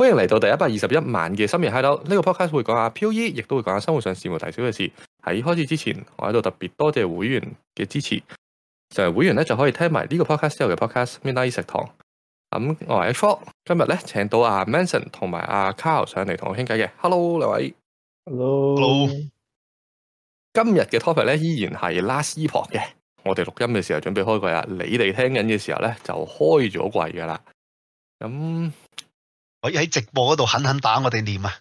歡迎嚟到第一百二十一萬嘅深夜 Hideout，呢、這個 podcast 會講下 PoE，亦都會講下生活上事無大小嘅事。喺開始之前，我喺度特別多謝會員嘅支持，成為會員咧就可以聽埋呢個 podcast 之後嘅 podcast。Midnight 食堂咁、嗯、我係 f o 今日咧請到阿 Manson 同埋阿 Carl 上嚟同我傾偈嘅。Hello 兩位，Hello，今日嘅 topic 咧依然係 Last Epoch 嘅。我哋錄音嘅時候準備開櫃啦，你哋聽緊嘅時候咧就開咗櫃噶啦，咁、嗯。可以喺直播嗰度狠狠打我哋臉啊，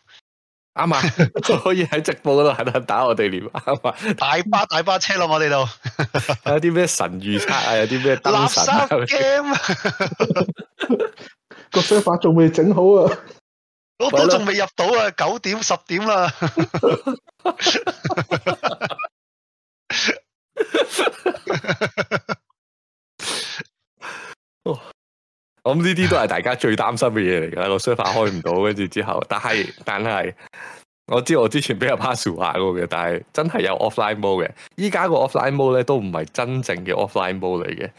啱啊、嗯！ 可以喺直播嗰度狠狠打我哋臉啱啊！嗯、 大巴大巴車咯，我哋度 有啲咩神預測啊，有啲咩燈神 game 啊，個沙發仲未整好啊，我 都仲未入到啊，九點十點啦。 哦咁呢啲都係大家最擔心嘅嘢嚟噶啦，個 surfer 開唔到跟住之後，但係但係我知我之前俾阿 pass 玩嘅，但係真係有 offline mode 嘅。依家個 offline mode 咧都唔係真正嘅 offline mode 嚟嘅。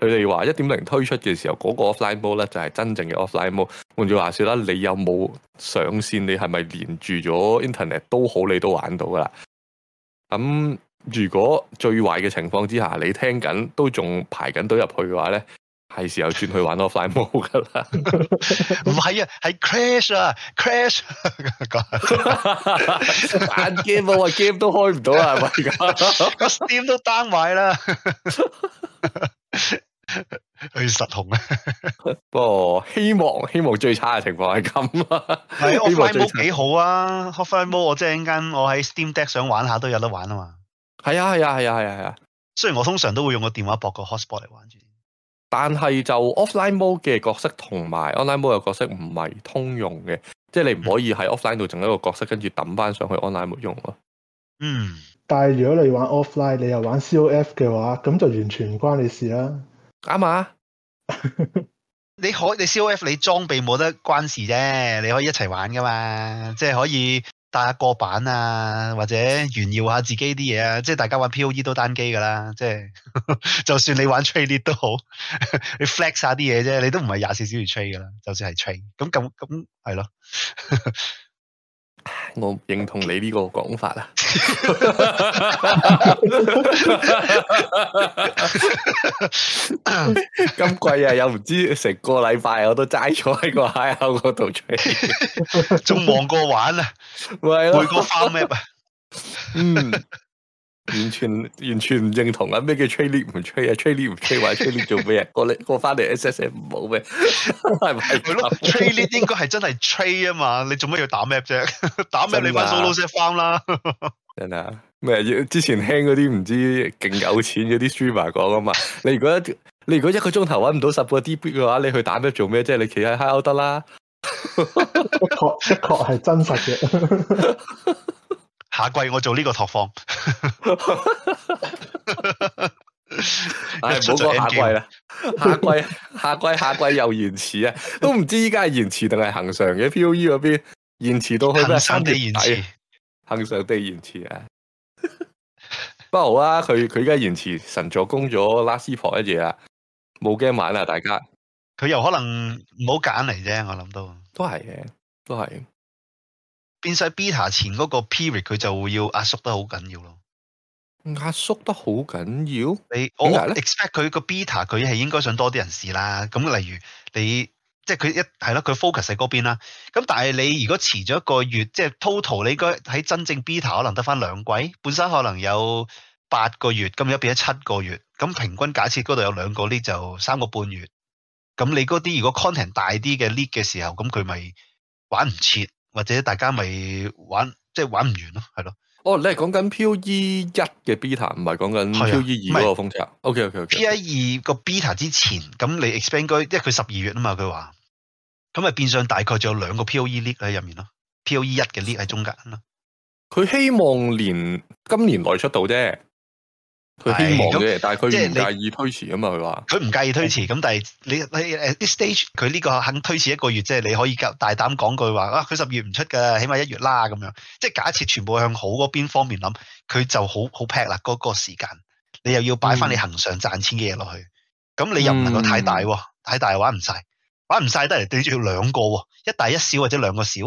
佢哋話一點零推出嘅時候嗰、那個 offline mode 咧就係真正嘅 offline mode。換句話説啦，你有冇上線？你係咪連住咗 internet 都好，你都玩到噶啦。咁、嗯、如果最壞嘅情況之下，你聽緊都仲排緊隊入去嘅話咧？係時候轉去玩我 Fly 模噶啦，唔係啊，係 Crash 啊，Crash 玩 game 啊我，game 都開唔到啊。係咪而 家？Steam 都 down 埋啦，去實紅行啊！ 不過希望，希望最差嘅情況係咁啊。係我 Fly 幾最差 好啊，Hot Fly 模我即係一間，我喺 Steam Deck 想玩下都有得玩啊嘛。係啊，係啊，係啊，係啊，係啊。雖然我通常都會用個電話博個 Hotspot 嚟玩住。但係就 offline mode 嘅角色同埋 online mode 嘅角色唔係通用嘅，即係你唔可以喺 offline 度整一個角色，跟住抌翻上去 online mode 用咯。嗯，但係如果你玩 offline，你又玩 C O F 嘅話，咁就完全唔關你事啦。啱嘛吧？ 你可你 C O F 你裝備冇得關事啫，你可以一齊玩噶嘛，即係可以。打個版啊，或者炫耀下自己啲嘢啊，即係大家玩 POE 都單機噶啦，即係 就算你玩 trade 都好， 你 flex 下啲嘢啫，你都唔係廿四小時 trade 噶啦，就算係 trade 咁咁咁係咯。 我認同你呢個講法啦。 今季啊，又唔知成個禮拜、啊、我都齋坐喺個蟹口嗰度出仲忙過玩啊！喂， 是啊、每個方面吧。嗯。完全完全唔認同啊！咩叫吹 r a i n e 唔吹啊吹 r a i n e 唔吹 r a i n 壞 i n e 做咩啊？ 我你我翻嚟 SSS 唔好咩？係咪佢吹 t r a i n e 應該係真係吹 r 啊嘛？你做咩要打 map 啫？ 打 map 你翻數 lose f 啦！ 真啊咩？之前聽嗰啲唔知勁有錢嗰啲 streamer 講啊嘛？你如果你如果一個鐘頭搵唔到十個 D 杯嘅話，你去打 m、AP、做咩？即係你企喺 High 歐得啦，的確的確係真實嘅。 下季我做呢個拓荒，唔好講下季啦，下季下季下季又延遲啊，都唔知依家係延遲定係恒常嘅 POE 嗰邊延遲到去恒生地延遲，恒常地延遲啊。不過好啊，佢佢依家延遲神助攻咗拉斯婆一嘢啊，冇驚玩啦，大家。佢又可能唔好揀嚟啫，我諗都，都係嘅，都係。變晒 beta 前嗰個 period，佢就會要壓縮得好緊要咯。壓縮得好緊要，你 expect 佢個 beta 佢係應該想多啲人試啦。咁例如你，即係佢一係咯，佢 focus 喺嗰邊啦。咁但係你如果遲咗一個月，即係 total，你應該喺真正 beta 可能得翻兩季，本身可能有八個月，咁而家變咗七個月。咁平均假設嗰度有兩個 league，就三個半月。咁你嗰啲如果 content 大啲嘅 league 嘅時候，咁佢咪玩唔切？或者大家咪玩，即係玩唔完咯，係咯。哦，你係講緊 P O E 一嘅 beta，唔係講緊 P O E 二嗰個風車。O K O K O K P O E 二個 beta 之前，咁你 expand 居，因為佢十二月啊嘛，佢話咁咪變相大概仲有兩個 P O E league 喺入面咯。P O E 一嘅 league 喺中間咯。佢希望連今年內出到啫。佢希望，嘅，但係佢唔介意推遲啊嘛。佢話：佢唔介意推遲。咁、嗯、但係你你誒啲 stage，佢呢個肯推遲一個月，即係你可以夠大膽講句話啊！佢十月唔出㗎，起碼一月啦咁樣。即係假設全部向好嗰邊方面諗，佢就好好劈啦。嗰、那個時間你又要擺翻你恒常賺錢嘅嘢落去，咁、嗯、你又唔能夠太大喎，嗯、太大玩唔晒，玩唔晒得嚟對住要兩個喎，一大一小或者兩個小，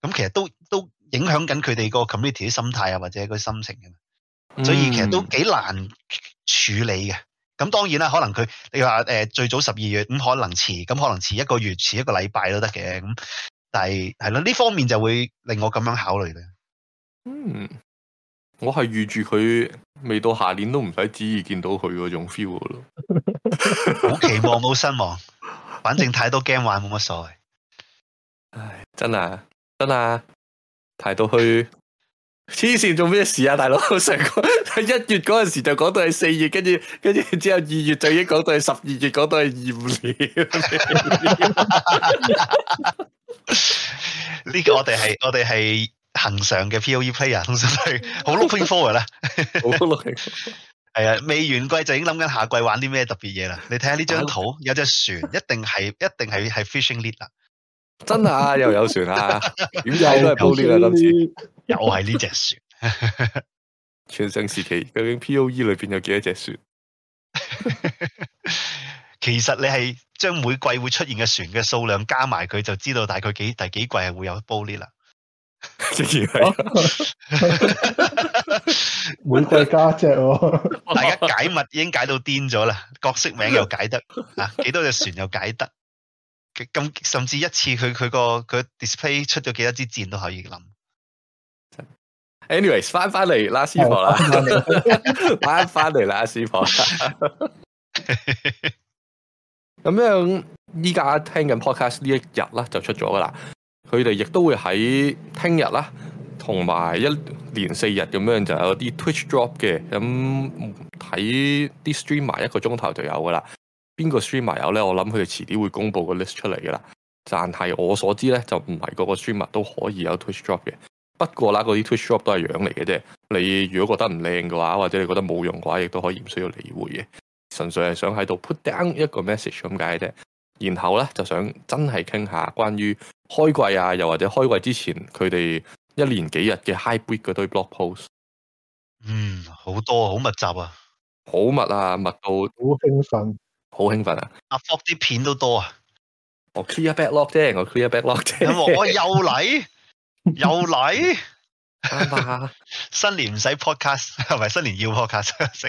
咁其實都都影響緊佢哋個 community 啲心態啊，或者個心情嘅。所以其實都幾難處理嘅，咁、嗯、當然啦，可能佢你話誒、呃、最早十二月咁、嗯、可能遲，咁、嗯、可能遲一個月，遲一個禮拜都得嘅，咁、嗯、但係，係咯呢方面就會令我咁樣考慮嘅。嗯，我係預住佢未到下年都唔使旨意見到佢嗰種 feel 咯， 冇期望冇失望， 反正太多 game 玩冇乜所謂。唉，真啊真啊，睇到去。 黐線做咩事啊，大佬！成個一月嗰陣時就講到係四月，跟住跟住之後二月就已經講到係十二月，講到係二五年。呢 個我哋係我哋係恆常嘅 POE player，好 looking forward 啦。係 啊，未完季就已經諗緊下季玩啲咩特別嘢啦。你睇下呢張圖， 有隻船，一定係一定係係 fishing lead 啦。真啊，又有船啊，點解都係 po lead 啊，今次。又係呢隻船， 全盛時期究竟 POE 裏邊有幾多隻船？ 其實你係將每季會出現嘅船嘅數量加埋佢，就知道大概幾第幾季係會有 Bolli 啦。即係每季加一隻，大家解密已經解到癲咗啦，角色名又解得，啊，幾多隻船又解得，咁甚至一次佢佢個佢 display 出咗幾多支箭都可以諗。anyways 翻翻嚟啦，師傅啦，翻翻嚟喇師傅。咁樣依家聽緊 podcast 呢一日啦就出咗噶啦，佢哋亦都會喺聽日啦，同埋一連四日咁樣就有啲 twitch drop 嘅，咁睇啲 streamer 一個鐘頭就有噶啦。邊個 streamer 有咧？我諗佢哋遲啲會公布個 list 出嚟噶啦。但係我所知咧，就唔係個個 streamer 都可以有 twitch drop 嘅。不過啦，嗰啲 Twitch shop 都係樣嚟嘅啫。你如果覺得唔靚嘅話，或者你覺得冇用嘅話，亦都可以唔需要理會嘅。純粹係想喺度 put down 一個 message 咁解啫。然後咧，就想真係傾下關於開季啊，又或者開季之前佢哋一連幾日嘅 high bid 嗰堆 blog post。嗯，好多啊，好密集啊，好密啊，密到好興奮，好興奮啊阿福啲片都多啊。我 clear backlog 啫，我 clear backlog 啫。我又嚟。 又嚟來？ 新年唔使 podcast，係咪？新年要 podcast 即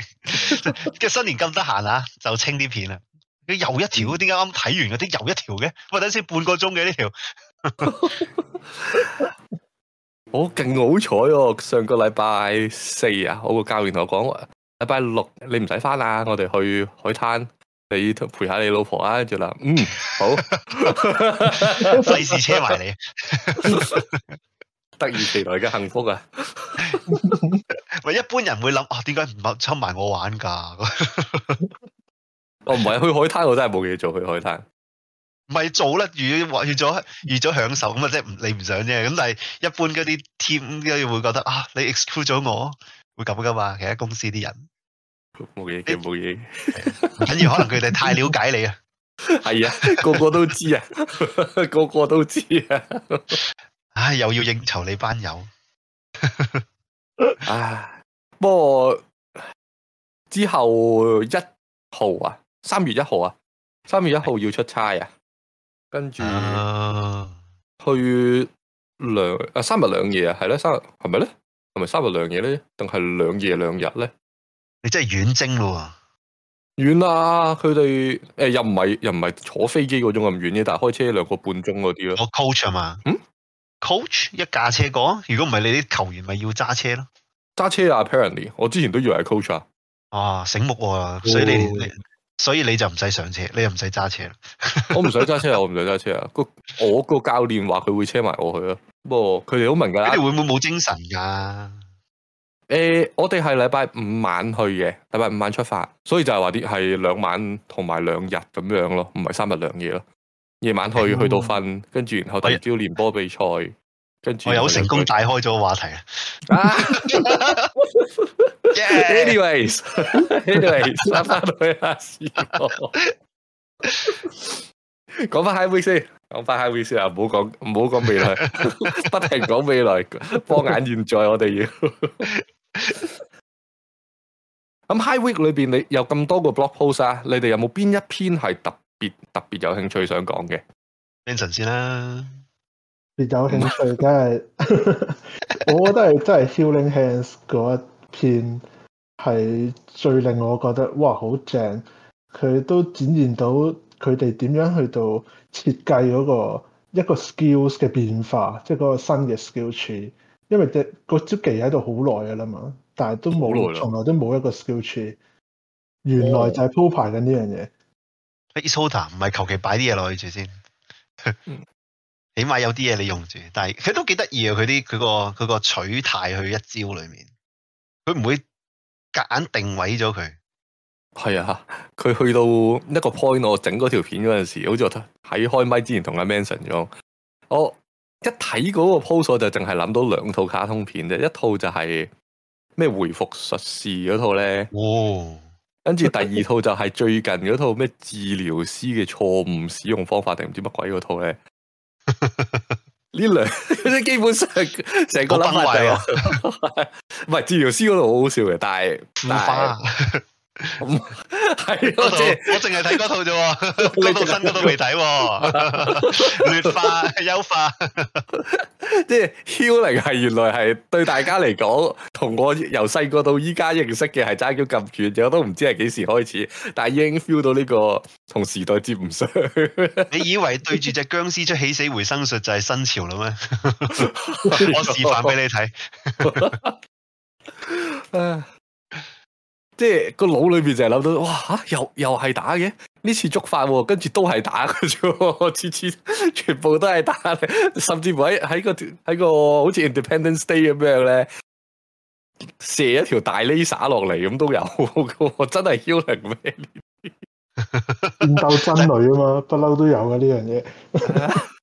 係新年咁得閒啊，就清啲片啦。又一條，點解啱睇完嗰啲又一條嘅？我等先半個鐘嘅呢條。我 勁、 哦、好彩哦！上個禮拜四啊，我個教練同我講話，禮拜六你唔使翻啦，我哋去海灘。你陪下你老婆啊？跟住啦，嗯，好，費事車埋你，得意其來嘅幸福啊！喂，一般人會諗啊，點解唔侵埋我玩噶？我唔係去海灘，我真係冇嘢做。去海灘唔係做咧，預預咗預咗享受咁啊？即係，你唔想啫。咁但係一般嗰啲 team 會覺得啊，你 exclude 咗我，會咁噶嘛？其他公司啲人。冇嘢嘅，冇嘢。咁要 可能佢哋太了解你啊，係啊，個個都知啊，個個都知啊。唉，又要應酬你班友。唉、 啊，不過之後一號啊，三月一號啊，三月一號要出差啊，跟住去兩啊三日兩夜啊，係咧三日係咪咧？係咪三日兩夜咧？定係兩夜兩日咧？你真係遠征咯，遠啊！佢哋誒又唔係又唔係坐飛機嗰種咁遠嘅，但係開車兩個半鐘嗰啲咯。我 coach 啊嘛，嗯，coach 一架車過。如果唔係你啲球員要車，咪要揸車咯。揸車啊，apparently，我之前都以為係 coach 啊。啊，醒目啊，所以你、哦、所以你就唔使上車，你又唔使揸車， 我車。我唔想揸車啊，我唔想揸車啊。個我個教練話佢會車埋我去啊。不過佢哋好明噶，咁你會唔會冇精神噶？誒、欸，我哋係禮拜五晚去嘅，禮拜五晚出發，所以就係話啲係兩晚同埋兩日咁樣咯，唔係三日兩夜咯。夜晚去，去到瞓，跟住然後第二朝連波比賽，跟住我有成功大開咗個話題啊。Anyways，anyways，拉翻落去阿 Sir，講翻下話先，講翻下話先。啊，唔好講，唔好講未來，不停講未來，放眼現在，我哋要。咁 High Week 裏邊，你有咁多個 blog post 啊？你哋有冇邊一篇係特別特別有興趣想講嘅？Manson 先啦，特別有興趣，梗係， 我覺得係真係 Healing Hands 嗰一篇係最令我覺得哇好正，佢都展現到佢哋點樣去到設計嗰個一個 skills 嘅變化，即係嗰個新嘅 skill tree 因為隻個職技喺度好耐嘅啦嘛，但係都冇，很久從來都冇一個 skill tree，原來就係鋪排緊呢樣嘢。e s o l a 唔係求其擺啲嘢落去住先，mm. 起碼有啲嘢你用住。但係佢都幾得意啊，佢啲佢個佢個取態去一招裡面，佢唔會夾硬定位咗佢。係啊，佢去到一個 point 我整嗰條片嗰陣時，好似我喺開麥之前同阿 Manson 咗，我。一睇嗰個 post 我就淨係諗到兩套卡通片啫，一套就係咩回復術士嗰套咧，跟住、哦、第二套就係最近嗰套咩治療師嘅錯誤使用方法定唔知乜鬼嗰套咧。呢兩即基本上成個諗埋就係、是，唔係、啊、 治療師嗰度好好笑嘅，但係唔發。咁係、嗯，我淨係睇嗰套啫，嗰套，就套新嗰套未睇，啊、劣化、 優化， 即係 Healing 係原來係對大家嚟講，同我由細個到依家認識嘅係爭差咗咁遠，我都唔知係幾時開始，但係已經 feel 到呢、呢個同時代接唔上。 你以為對住隻僵屍出起死回生術就係新潮啦咩？ 我示範俾你睇。 即係個腦裏邊就諗到，哇又又係打嘅，呢次觸發、哦、跟住都係打嘅啫、哦，次次全部都係打的，甚至乎喺喺個喺個好似 Independence Day 咁樣咧，射一條大鐳射落嚟咁都有的、哦，真係 U 型咩？ 戰鬥真女啊嘛，不嬲都有啊呢樣嘢。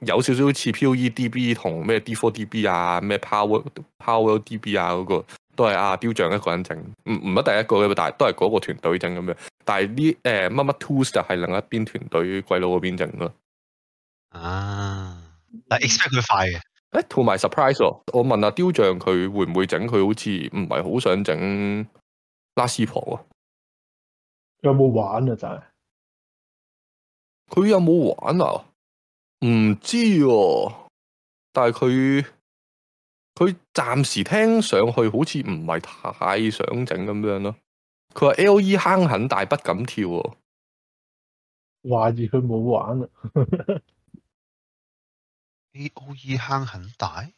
有少少似 P.O.E.D.B 同咩 D.4.D.B 啊，咩 Power Power D.B 啊、那個，嗰個都係阿、啊、雕像一個人整，唔唔係第一個嘅，但係都係嗰個團隊整咁樣。但係呢，誒乜乜 Tools 就係另一邊團隊鬼佬嗰邊整咯。啊，但係而且佢快嘅，誒，to my surprise，我問阿、啊、雕像佢會唔會整，佢好似唔係好想整拉斯婆啊。有冇玩啊？就係，佢有冇玩啊？唔知哦、啊，但係佢佢暫時聽上去好似唔係太想整咁樣咯。佢話 L E 坑很大，不敢跳。懷住佢冇玩啊 L E 坑很大，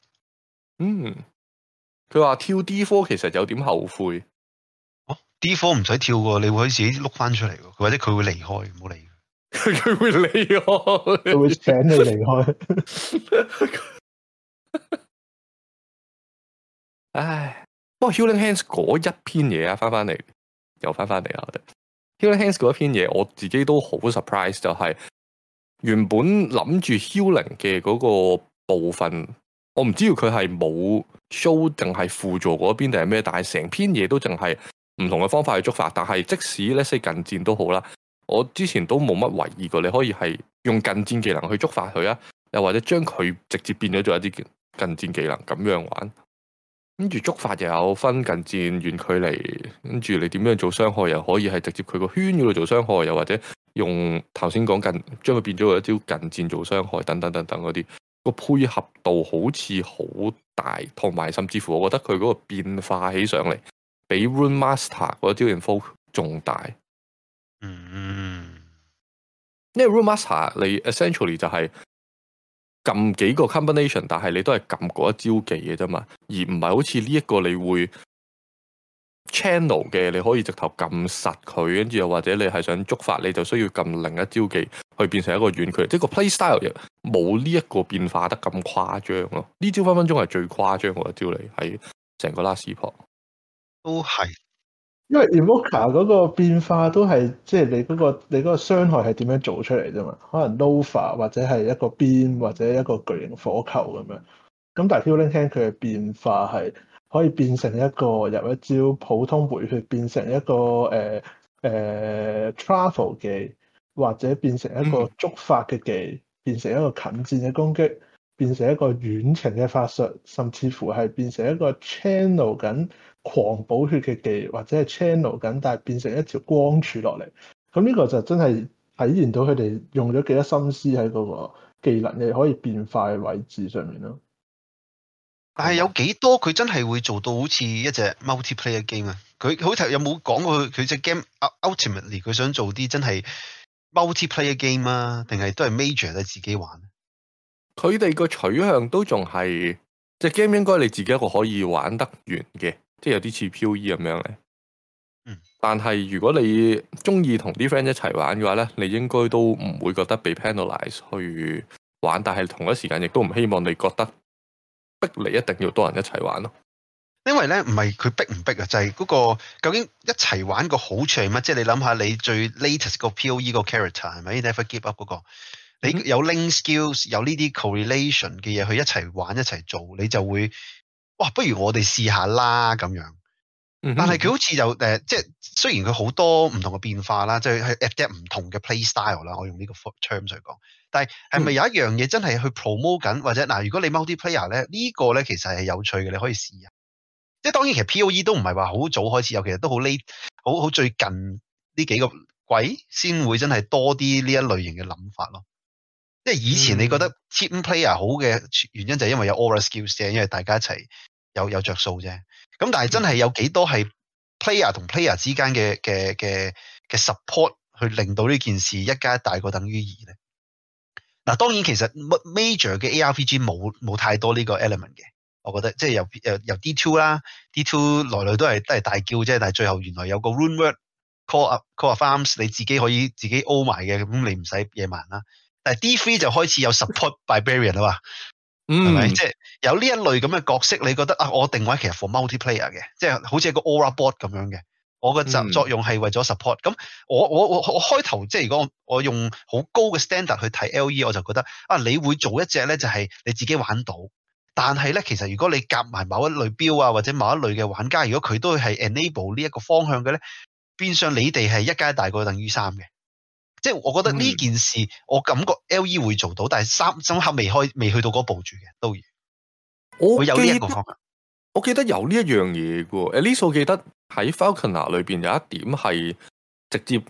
嗯，佢話跳 D 科其實有點後悔。哦，D 科唔使跳個，你可以自己碌翻出嚟，或者佢會離開，冇理。佢 會離離開，佢 會請你離開。 唉，不過 Healing Hands 嗰一篇嘢啊，翻翻嚟又翻翻嚟啊！我哋 Healing Hands 嗰一篇嘢，我自己都好 surprise 就係、是、原本諗住 Healing 嘅嗰個部分，我唔知道佢係冇 show 定係輔助嗰邊定係咩，但係成篇嘢都淨係唔同嘅方法去觸發。但係即使呢些近戰都好啦。我之前都冇乜懷疑過，你可以係用近戰技能去觸發佢啊，又或者將佢直接變咗做一啲近戰技能咁樣玩。跟住觸發又有分近戰、遠距離，跟住你點樣做傷害又可以係直接佢個圈嗰度做傷害，又或者用頭先講近將佢變咗為一招近戰做傷害等等等等嗰啲，個配合度好似好大，同埋甚至乎我覺得佢嗰個變化起上嚟，比 Runemaster 嗰招 Info 仲大。嗯，呢、嗯嗯、個 room master 你 essentially 就係撳幾個 combination，但係你都係撳嗰一招技嘅啫嘛，而唔係好似呢一個你會 channel 嘅，你可以直頭撳實佢，跟住又或者你係想觸發，你就需要撳另一招技去變成一個遠距離，即係個 play style 冇呢一個變化得咁誇張咯。呢招分分鐘係最誇張嗰一招你喺成個 Last Epoch 都係。因為 Emoka 嗰個變化都係，即係你嗰個你嗰個傷害係點樣做出嚟啫嘛？可能 Nova 或者係一個鞭或者一個巨型火球咁樣。咁但係 Healing Hands 佢嘅變化係可以變成一個入一招普通回血，變成一個誒誒 travel 技，或者變成一個觸發嘅技，變成一個近戰嘅攻擊。變成一個遠程嘅法術，甚至乎係變成一個 channel 緊狂補血嘅技，或者係 channel 緊，但係變成一條光柱落嚟。咁呢個就真係體現到佢哋用咗幾多心思喺嗰個技能你可以變化嘅位置上面咯。但係有幾多佢真係會做到好似一隻 multiplayer game? Game, game 啊？佢好提有冇講過佢隻 game ultimately 佢想做啲真係 multiplayer game 啊？定係都係 major 咧自己玩？佢哋個取向都仲係，隻 game 應該你自己一個可以玩得完嘅，即係有啲似 POE 咁樣咧。嗯，但係如果你中意同啲 friend 一齊玩嘅話咧，你應該都唔會覺得被 penalise 去玩。但係同一時間亦都唔希望你覺得逼你一定要多人一齊玩咯。因為咧唔係佢逼唔逼啊，就係嗰個究竟一齊玩個好處係乜？即係你諗下你最 latest 個 POE 個 character 係咪你 Never Give Up 嗰個？你有 link skills，有呢啲 correlation 嘅嘢去一齊玩一齊做，你就會哇，不如我哋試下啦咁樣。但係佢好似就誒，即係雖然佢好多唔同嘅變化啦，即係 adapt 唔同嘅 play style 啦。我用呢個 term 嚟講，但係係咪有一樣嘢真係去 promote 緊或者嗱？如果你 multiplayer 咧呢個咧，其實係有趣嘅，你可以試下。即係當然，其實 POE 都唔係話好早開始，尤其係都好 late，好好最近呢幾個鬼先會真係多啲呢一類型嘅諗法咯。即係以前你覺得 team player 好嘅原因就係因為有 aura skills 啫，因為大家一齊有有着數啫。咁但係真係有幾多係 player 同 player 之間嘅嘅嘅嘅 support 去令到呢件事一加一大過等於二咧？嗱，當然其實 major 嘅 ARPG 冇冇太多呢個 element 嘅，我覺得即係由由 D two 啦，D two 來來都係都係大叫啫，但係最後原來有個 rune word call up Call to Arms，你自己可以自己 all 埋嘅，咁你唔使野蠻啦。但係 D3 就開始有 support barbarian 啦係咪？即係有呢一類咁嘅角色，你覺得啊？我定位其實 for multiplayer 嘅，即係好似個 Aura Bot 咁樣嘅。我個作用係為咗 support。咁 我我我我開頭即係如果我用好高嘅 standard 去睇 LE，我就覺得啊，你會做一隻咧，就係你自己玩到。但係咧，其實如果你夾埋某一類標啊，或者某一類嘅玩家，如果佢都係 enable 呢一個方向嘅咧，變相你哋係一加一大概等於三嘅。即係我覺得呢件事，我感覺 LE 會做到，嗯、但係三深刻未開，未去到嗰步住嘅，都會有呢一個方向。我記得有呢一樣嘢嘅，誒呢數記得喺 Falconer 裏邊有一點係直接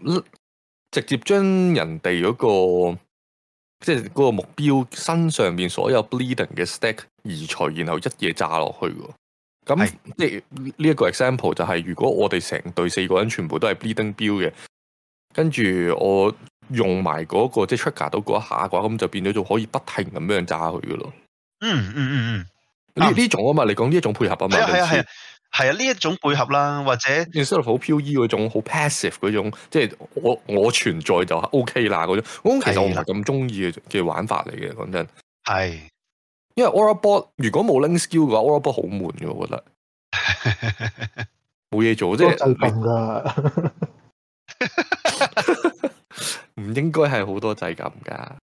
直接將人哋嗰個即係嗰個目標身上邊所有 bleeding 嘅 stack 移除，然後一嘢炸落去嘅。咁即係呢一個 example 就係、是，如果我哋成隊四個人全部都係 bleeding build 嘅。跟住我用埋嗰、那個即係出格到嗰一下嘅話，咁就變咗做可以不停咁樣炸佢嘅咯。嗯嗯嗯嗯，呢這、嗯、種啊嘛，你講呢種配合啊嘛，係啊係啊係啊，呢一、啊啊啊、種配合啦，或者 insert 好飄逸嗰種，好 passive 嗰種，即係我我存在就 OK 啦嗰種。的其實我唔係咁中意嘅嘅玩法嚟嘅，講真。係是，因為 Aura Bot 如果冇 link skill 嘅話，Aura Bot 好悶嘅，我覺得。冇嘢 做即係噶。你 唔 應該係好多仔咁噶，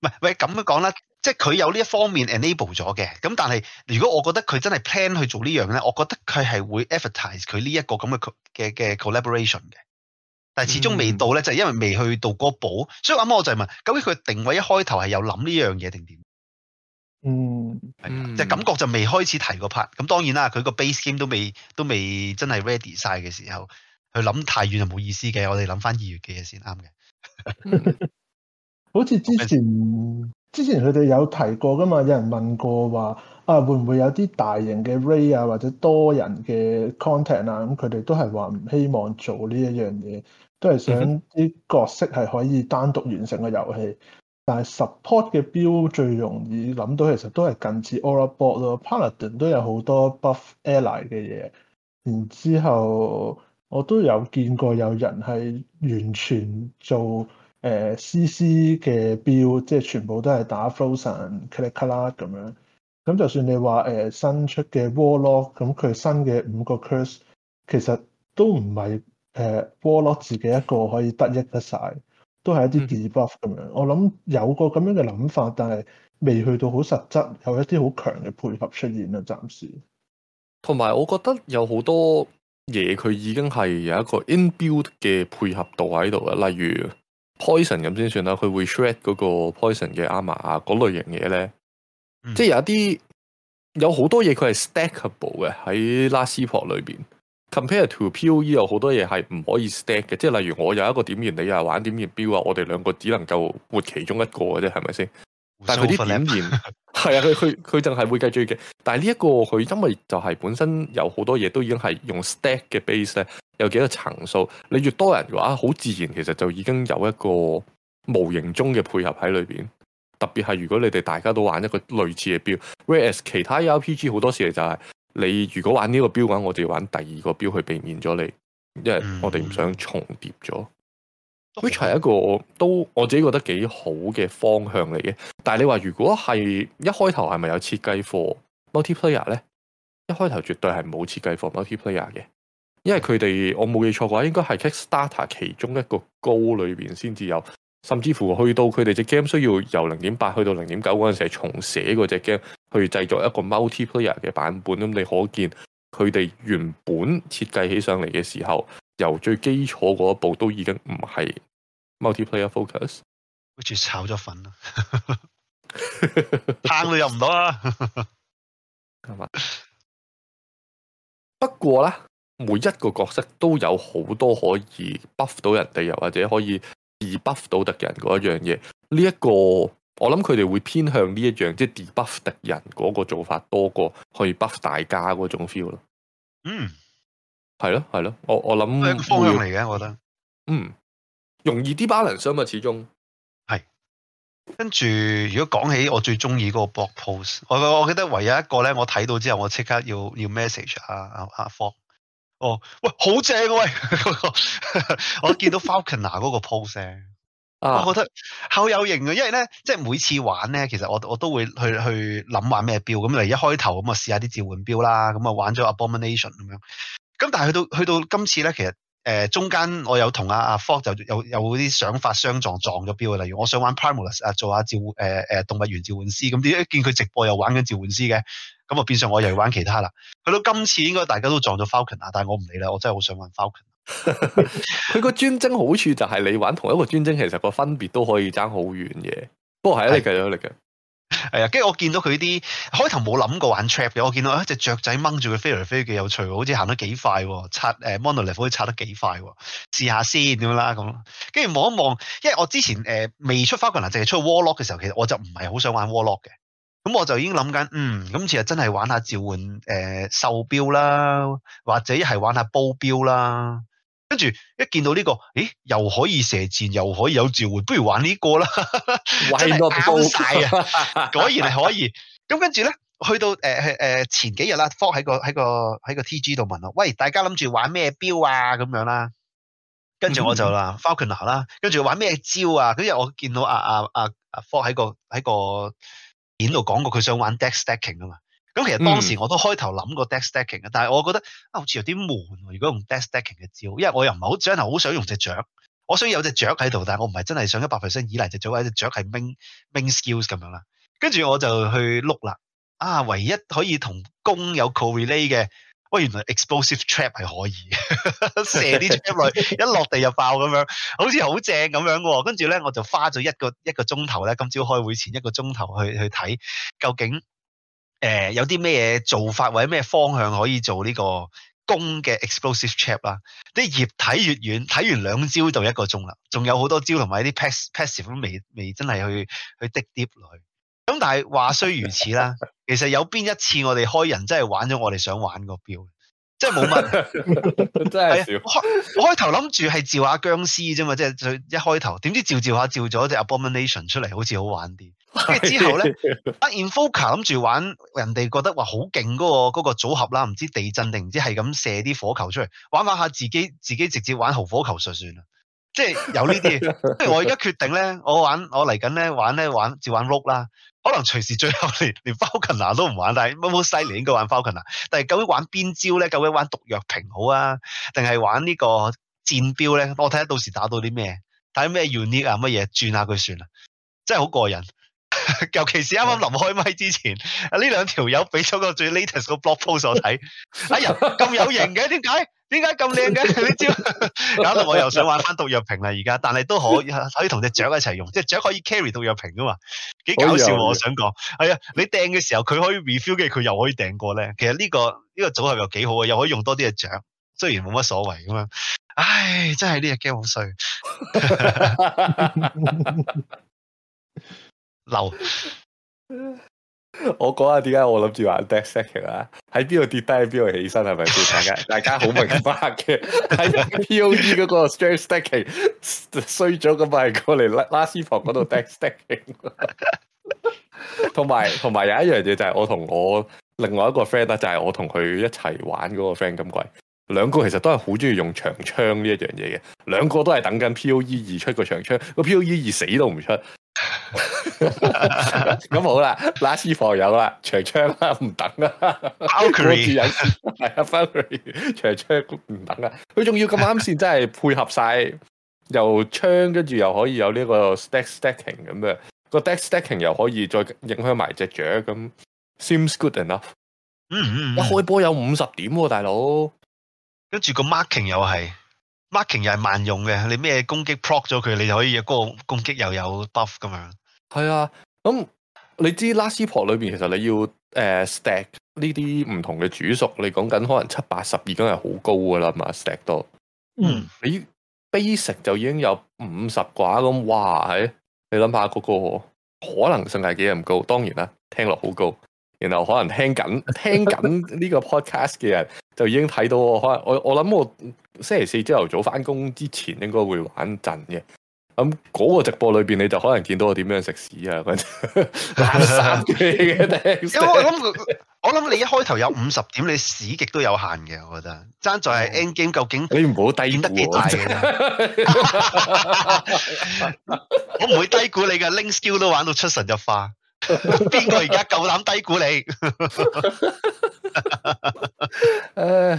唔係喂，咁樣講啦，即係佢有呢一方面 enable 咗嘅。咁但係如果我覺得佢真係 plan 去做呢樣咧，我覺得佢係會 advertise 佢呢一個咁嘅嘅嘅 collaboration 嘅。但係始終未到咧，嗯、就係因為未去到個步，所以啱啱我就問：究竟佢定位一開頭係有諗呢、這個、樣嘢定點？嗯，係，即係感覺就未開始提個 part。咁當然啦，佢個 base game 都未都未真係 ready 晒嘅時候。佢諗太遠就冇意思嘅。我哋諗翻二月嘅嘢先啱嘅。 好似之前之前佢哋有提過噶嘛？有人問過話啊，會唔會有啲大型嘅 ray 啊，或者多人嘅 content 啊？咁佢哋都係話唔希望做呢一樣嘢，都係想啲角色係可以單獨完成個遊戲。Mm hmm. 但係 support 嘅 build 最容易諗到，其實都係近似 Aura Bot 咯，Paladin 都有好多 buff ally 嘅嘢，然之後。我都有見過有人係完全做誒、呃、CC 嘅標，即係全部都係打 Frozen 卡啦卡啦咁樣。咁就算你話誒、呃、新出嘅 Warlock 咁佢新嘅五個 Curse 其實都唔係誒、呃、Warlock 自己一個可以得益得晒，都係一啲 Debuff 咁樣。嗯、我諗有個咁樣嘅諗法，但係未去到好實質，有一啲好強嘅配合出現啦。暫時同埋，我覺得有好多嘢佢已經係有一個 inbuilt 嘅配合度喺度啦，例如 poison 咁先算啦，佢會 shred 嗰個 poison 嘅 ama 嗰類型嘢咧、嗯 e，即係有一啲有好多嘢佢係 stackable 嘅喺 Last Epoch 裏邊，compare to POE 有好多嘢係唔可以 stack 嘅，即係例如我有一個點燃你啊，玩點燃標啊，我哋兩個只能夠活其中一個嘅啫，係咪先？但係佢啲點燃收。 係啊，佢佢佢就係會繼續嘅，但係呢一個佢因為就係本身有好多嘢都已經係用 stack 嘅 base 咧，有幾多層數，你越多人嘅話，好自然其實就已經有一個無形中嘅配合喺裏邊。特別係如果你哋大家都玩一個類似嘅標，whereas 其他 RPG 好多時就係你如果玩呢個標嘅話，我就要玩第二個標去避免咗你，因為我哋唔想重疊咗。which 係一個都我自己覺得幾好嘅方向嚟嘅。但係你話如果係一開頭係咪有設計課 multiplayer 呢？一開頭絕對係冇設計課 multiplayer 嘅，因為佢哋我冇記錯嘅話，應該係 Kickstarter 其中一個高裏面先至有，甚至乎去到佢哋隻 game 需要由零點八去到零點九嗰陣時，係重寫嗰隻 game 去製作一個 multiplayer 嘅版本。咁你可見佢哋原本設計起上嚟嘅時候，由最基礎嗰一步都已經唔係。Multiplayer focus，好似炒咗粉啊，撐 都入唔到啊，係嘛？不過咧，每一個角色都有好多可以 buff 到人哋，又或者可以 debuff 到敵人嗰一樣嘢。呢、這、一個，我諗佢哋會偏向呢一樣，即、就、係、是、debuff 敵人嗰個做法多過去 buff 大家嗰種 feel 咯。嗯，係咯係咯，我我諗係個方向嚟嘅，我覺得，嗯。容易啲平衡，商啊，始終係。跟住如果講起我最中意嗰個 blog post，我我我記得唯一一個咧，我睇到之後我即刻要要 message 啊啊方哦，喂，好正，啊，喂， 我見到 Falconer 嗰 個 post 咧，我覺得好有型嘅，因為咧即係每次玩咧，其實我我都會去去諗玩咩標，咁嚟一開頭咁啊試一下啲召喚標啦，咁啊玩咗 Abomination 咁樣，咁但係去到去到今次咧，其實。誒，中間我有同阿阿 f o 就有有啲想法相撞，撞咗標。例如我想玩 Primalist 啊，做下召喚誒誒動物園召喚師，咁點解見佢直播又玩緊召喚師嘅，咁啊變相我又要玩其他啦。去到今次應該大家都撞咗 Falcon 啊，但係我唔理啦，我真係好想玩 Falcon。佢個專精好處就係你玩同一個專精，其實個分別都可以差好遠嘅。不過係啊，你嘅續力嘅。的係啊，跟住我見到佢啲開頭冇諗過玩 trap 嘅，我見到一隻雀仔掹住佢飛嚟飛去，有趣喎，好似行得幾快喎，刷誒、呃、monolith 好似刷得幾快喎，試下先咁樣啦咁。跟住望一望，因為我之前未、呃、出 Falconer，淨係出 warlock 嘅時候，其實我就唔係好想玩 warlock 嘅，咁我就已經諗緊，嗯，咁其實真係玩下召喚誒獸標啦，或者係玩下煲標啦。跟住一見到呢、這個，咦？又可以射箭，又可以有召喚，不如玩呢個啦！真係啱晒啊！ 果然係可以。咁跟住咧，去到誒誒、呃呃、前幾日啦 Fox 喺個喺個喺個 T G 度問我，喂，大家諗住玩咩標啊？咁樣、嗯 er, 啦。跟住我就啦，Falconer 啦，跟住玩咩招啊？嗰日我見到阿啊啊阿、啊、Fox 喺個喺個片度講過，佢想玩 Deck Stacking 嘛。咁、嗯、其實當時我都開頭諗過 deck stacking 嘅，但係我覺得啊，好似有啲悶喎。如果用 deck stacking 嘅招，因為我又唔係好，張頭好想用隻雀，我想有隻雀喺度，但係我唔係真係想來做一百 percent 以嚟隻雀，或者隻雀係 main main skills 咁樣啦。跟住我就去碌啦。啊，唯一可以同弓有 correlate 嘅，喂、啊，原來 explosive trap 係可以 射啲 trap 落一落地就爆咁樣，好似好正咁樣喎。跟住咧，我就花咗一個一個鐘頭咧，今朝開會前一個鐘頭去去睇究竟。誒、呃，有啲咩嘢做法或者咩方向可以做呢個公嘅 explosive trap 啦？啲葉睇越遠，睇完兩招就一個鐘啦，仲有好多招同埋啲 pass passive 都未未真係去去 deep deep 落去。咁但係話雖如此啦，其實有邊一次我哋開人真係玩咗我哋想玩個 build？即係冇乜， 真係是少小。 開開頭諗住係召下僵屍啫嘛，即係最一開頭。點知召召下召咗隻 abomination 出嚟，好似好玩啲。跟住之後咧，阿 Infoca 諗住玩人哋覺得話好勁嗰個、嗰個組合啦，唔知地震定唔知係咁射啲火球出嚟，玩玩下自己自己直接玩豪火球術算啦。 即係有呢啲，我而家決定咧，我玩我嚟緊咧玩咧玩就玩碌啦，可能隨時最後連 Falconer 都唔玩，但係冇冇犀利應該玩 Falconer，但係究竟玩邊招咧？究竟玩毒藥瓶好啊，定係玩呢個戰標咧？我睇下到時打到啲咩？睇咩 unique 啊？乜嘢轉下佢算啦。真係好過癮，尤其是啱啱臨開咪之前，呢兩條友俾咗個最 latest 個 blog post 我睇，哎呀咁有型嘅點解？點解咁靚嘅？你知？搞到 我又想玩翻毒藥瓶啦！而家，但係都可以隻隻可以同隻雀一齊用，即係雀可以 carry 毒藥瓶噶嘛？幾搞笑！我想講，係啊，你掟嘅時候佢可以 refill 嘅，佢又可以掟過咧。其實呢個呢個組合又幾好啊，又可以用多啲嘅雀，雖然冇乜所謂咁樣。唉，真係呢隻 game 好衰。 流。我講下點解我諗住玩 Dex stacking 啊？喺邊度跌低喺邊度起身係咪？大家大家好明白嘅。喺 P O E 嗰 那個 str stacking 衰咗咁咪過嚟 Last Epoch 嗰度 Dex stacking。同埋同埋有一樣嘢就係我同我另外一個 friend 啦，就係、是、我同佢一齊玩嗰個 friend 咁貴，兩個其實都係好中意用長槍呢一樣嘢嘅，兩個都係等緊 P O E 二出個長槍，個 P O E 二死都唔出。咁 好啦，拉斯防有啦，長槍啦，唔等啦。Alkry 係啊，Alkry 長槍唔等啊，佢仲要咁啱先真係配合晒，又槍跟住又可以有呢、這個 stack stacking 咁嘅，個 stack stacking 又可以再影響埋隻雀咁，seems good enough。嗯，嗯嗯，一開波有五十點喎、啊，大佬。跟住個 marking 又係，marking 又係萬用嘅，你咩攻擊 proc 咗佢，你就可以個攻擊又有 buff 噶嘛。係啊，咁你知 Last Epoch 裏邊，其實你要誒、呃、stack 呢啲唔同嘅煮熟，你講緊可能七八十二已經係好高噶啦嘛，stack 到，嗯，你 basic 就已經有五十掛咁，哇，係你諗下嗰個可能性係幾咁高？當然啦，聽落好高，然後可能聽緊聽緊呢個 podcast 嘅人就已經睇到我可能我我諗我星期四朝頭早翻工之前應該會玩陣嘅。咁嗰個直播裏邊，你就可能見到我點樣食屎啊！咁樣 我諗我諗你一開頭有五十點，你屎極都有限嘅。我覺得爭在係 End game，究竟你唔好低估得幾大，我唔會低估你嘅 link skill 都玩到出神入化。邊個而家夠膽低估你？誒、 uh！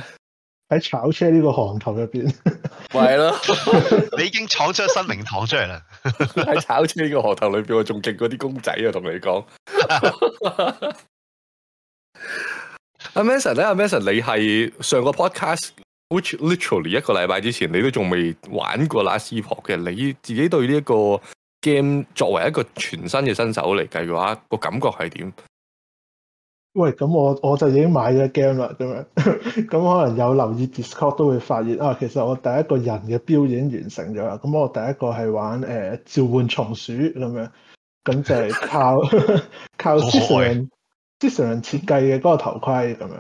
喺炒車呢個行頭入邊，係咯，你已經闖出了新名堂出嚟啦！喺炒車呢個行頭裏邊，我仲勁過啲公仔啊！ 同你講，阿 Manson 咧，阿 Manson，你係上個 podcast，which pod literally 一,一個禮拜之前，你都仲未玩過拉斯婆嘅，你自己對呢一個 game 作為一個全新嘅新手嚟計嘅話，那個感覺係點？喂，咁我我就已經買咗 game 啦，咁樣，咁可能有留意 Discord 都會發現啊，其實我第一個人嘅標已經完成咗啦，咁我第一個係玩誒、呃、召喚松鼠咁樣，咁就係靠 靠 Discord 人 Discord 人設計嘅嗰個頭盔咁樣，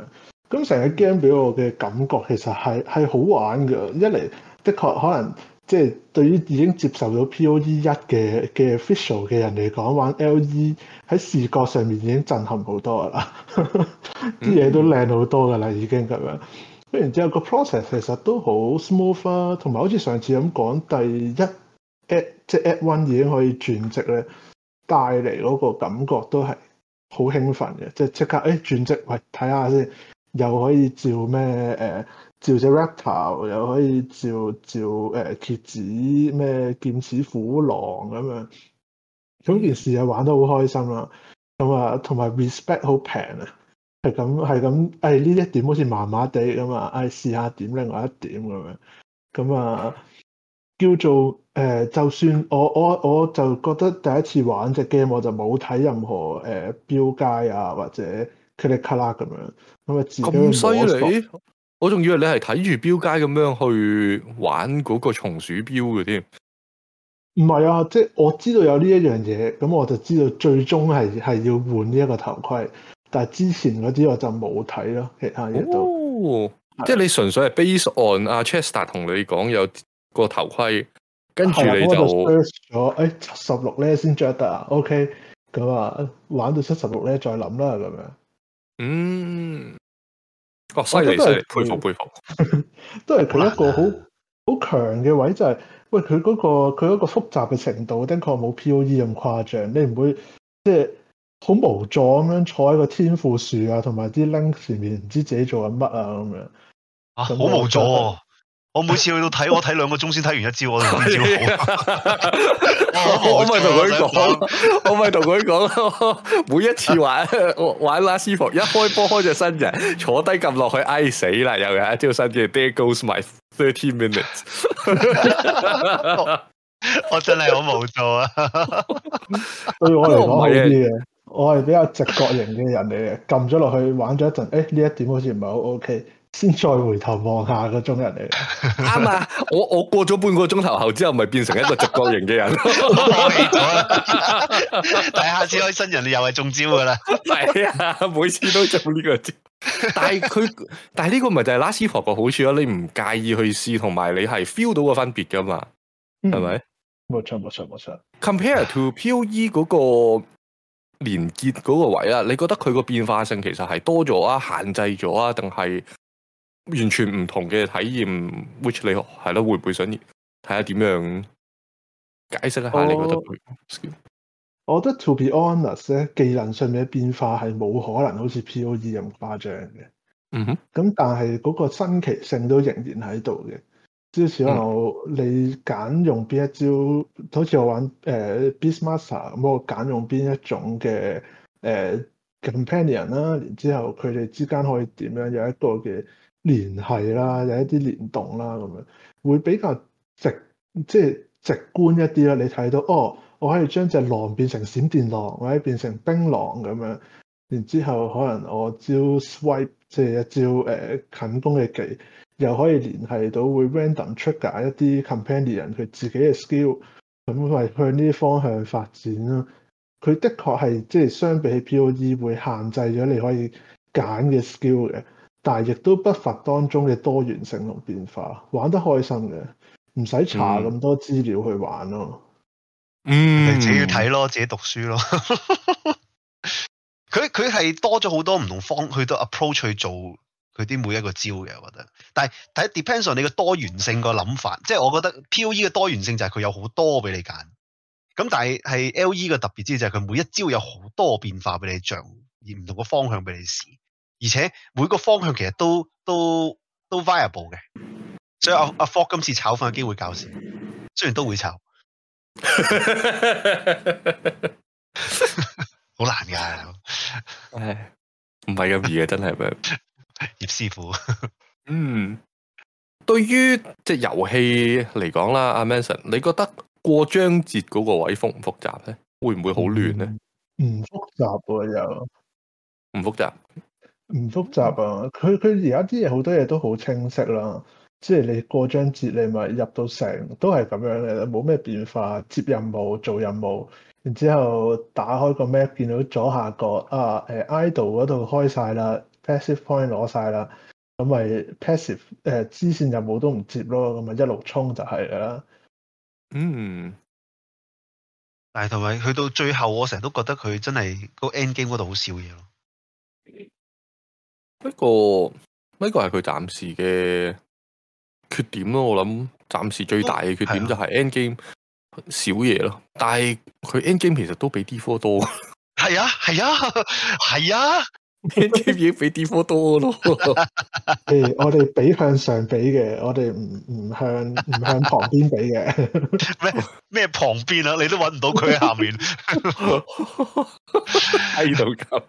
咁成個 game 俾我嘅感覺其實係係好玩嘅，一嚟的確可能。即係對於已經接受到 POE 一嘅嘅 official 嘅人嚟講，玩 LE 喺視覺上面已經震撼好多噶啦，啲嘢都靚好多噶啦，已經咁樣。跟住然之後個 process 其實都好 sm、啊、好 smooth 啊，同埋好似上次咁講，第一 at 即係 at one 已經可以轉職咧，帶嚟嗰個感覺都係好興奮嘅，即係即刻誒轉職，喂睇下先，又可以照咩誒？呃照隻 Raptor 又可以照照誒蠍、欸、子咩劍齒虎狼咁樣，咁件事又玩得好開心啦！咁啊，同埋 respect 好平啊，係咁係咁。誒呢一點好似麻麻地咁啊，唉、欸，試下點另外一點咁樣。咁啊，叫做誒、欸，就算我我我就覺得第一次玩隻 game 我就冇睇任何誒標、欸、街啊或者 click click 啦咁樣，咁啊自己摸我仲以為你係睇住標街咁樣去玩嗰個松鼠標嘅添，唔係啊！即係我知道有呢一樣嘢，咁我就知道最終係係要換呢一個頭盔。但係之前嗰啲我就冇睇咯，其他嘢都。哦，即係你純粹係 base on 阿 Chester 同你講有個頭盔，跟住你就誒七十六咧先着得啊？OK，咁啊，玩到七十六咧再諗啦咁樣。嗯。哦，犀利真係佩服佩服，佩服 都係佢一個好好強嘅位，就係，就係喂佢嗰、嗰個佢一個複雜嘅程度，的確冇 P O E 咁誇張，你唔會即係好無助咁樣坐喺個天賦樹啊，同埋啲 link 前面唔知自己做緊乜啊咁樣，啊好無助啊。我每次去到睇， 我睇兩個鐘先睇完一招，我都唔知好。我咪同佢講，我咪同佢講咯。每一次玩 玩 Last Epoch，一開波開隻新人，坐低撳落去，哎死啦！又有人一招新嘅。There goes my thirty minutes。我真係好無助啊 對我嚟講好啲嘢。我係比較直覺型嘅人嚟嘅，撳咗落去玩咗一陣，誒，呢一點好似唔係好 OK。先再回頭望下嗰種人嚟，啱啊！我我過咗半個鐘頭後之後，咪變成一個直覺型嘅人。 但係下次開新人，你又係中招噶啦。係啊，每次都中呢個招。但係佢，但係呢個咪就係拉斯婆嘅好處咯。你唔介意去試，同埋你係 feel 到個分別噶嘛？係咪、嗯？冇錯，冇錯，冇錯。 Compare to POE 嗰個連結嗰個位啊。你覺得佢個變化性其實係多咗啊，限制咗啊，定係？完全唔同嘅體驗，which 你係咯，會唔會想睇下點樣解釋一下你？你覺得？我覺得 to be honest 咧，技能上面嘅變化係冇可能好似 POE 咁誇張嘅。嗯哼。咁但係嗰個新奇性都仍然喺度嘅。至少有你揀用邊一招，好似、嗯、我玩誒、呃、Beastmaster 咁、嗯，我冇揀用邊一種嘅誒 companion 啦。呃、Companion, 然後之後佢哋之間可以點樣有一個嘅？聯繫啦，有一啲聯動啦，咁樣會比較直，即係直觀一啲咯。你睇到哦，我可以將隻狼變成閃電狼，或者變成冰狼咁樣。然之後可能我招 Swipe，即係一招誒近攻嘅技，又可以聯繫到會 Random Trigger 一啲 Companion 人佢自己嘅 Skill，咁係向呢啲方向發展咯。佢的確係即係相比起 POE 會限制咗你可以揀嘅 Skill 嘅。但係亦都不乏當中嘅多元性同變化，玩得開心嘅，唔使查咁多資料去玩咯、嗯。嗯，自己睇咯，自己讀書咯。佢佢係多咗好多唔同方，去到，approach 去做佢啲每一個招嘅。我覺得，但係睇 depends on 你嘅多元性個諗法，即係我覺得 POE 嘅多元性就係佢有好多俾你揀。咁但係係 L.E. 嘅特別之就係佢每一招有好多變化俾你象，而唔同個方向俾你試。而且每個方向其實都都都 viable 嘅，所以阿阿霍今次炒飯嘅機會較少，雖然都會炒，好難噶解，唉，唔係咁易嘅，真係咩葉師傅。 嗯，對於即係遊戲嚟講啦，阿、啊、Manson，你覺得過章節嗰個位複唔複雜咧？會唔會好亂咧？唔、嗯、複雜又、啊、唔複雜。唔複雜啊！佢佢而家啲嘢好多嘢都好清晰啦，即係你過張節你咪入到城，都係咁樣嘅冇咩變化。接任務做任務，然之後打開個 map 見到左下角啊誒、呃、idol 嗰度開晒啦，passive point 攞晒啦，咁咪 passive 誒、呃、支線任務都唔接咯，咁咪一路衝就係啦、嗯。嗯，但係同埋去到最後，我成日都覺得佢真係個 end game 嗰度好少嘢咯。不、過，呢個係佢暫時嘅缺點咯。我諗暫時最大嘅缺點就係 end game 少嘢咯。是啊，但係佢 end game 其實都比 D four 多。係啊，係啊，係啊 ，end game 已經比 D four 多咯。 hey, 我哋比向上比嘅，我哋唔唔向唔向旁邊比嘅咩咩旁邊啊？你都揾唔到佢啊？下面喺度咁。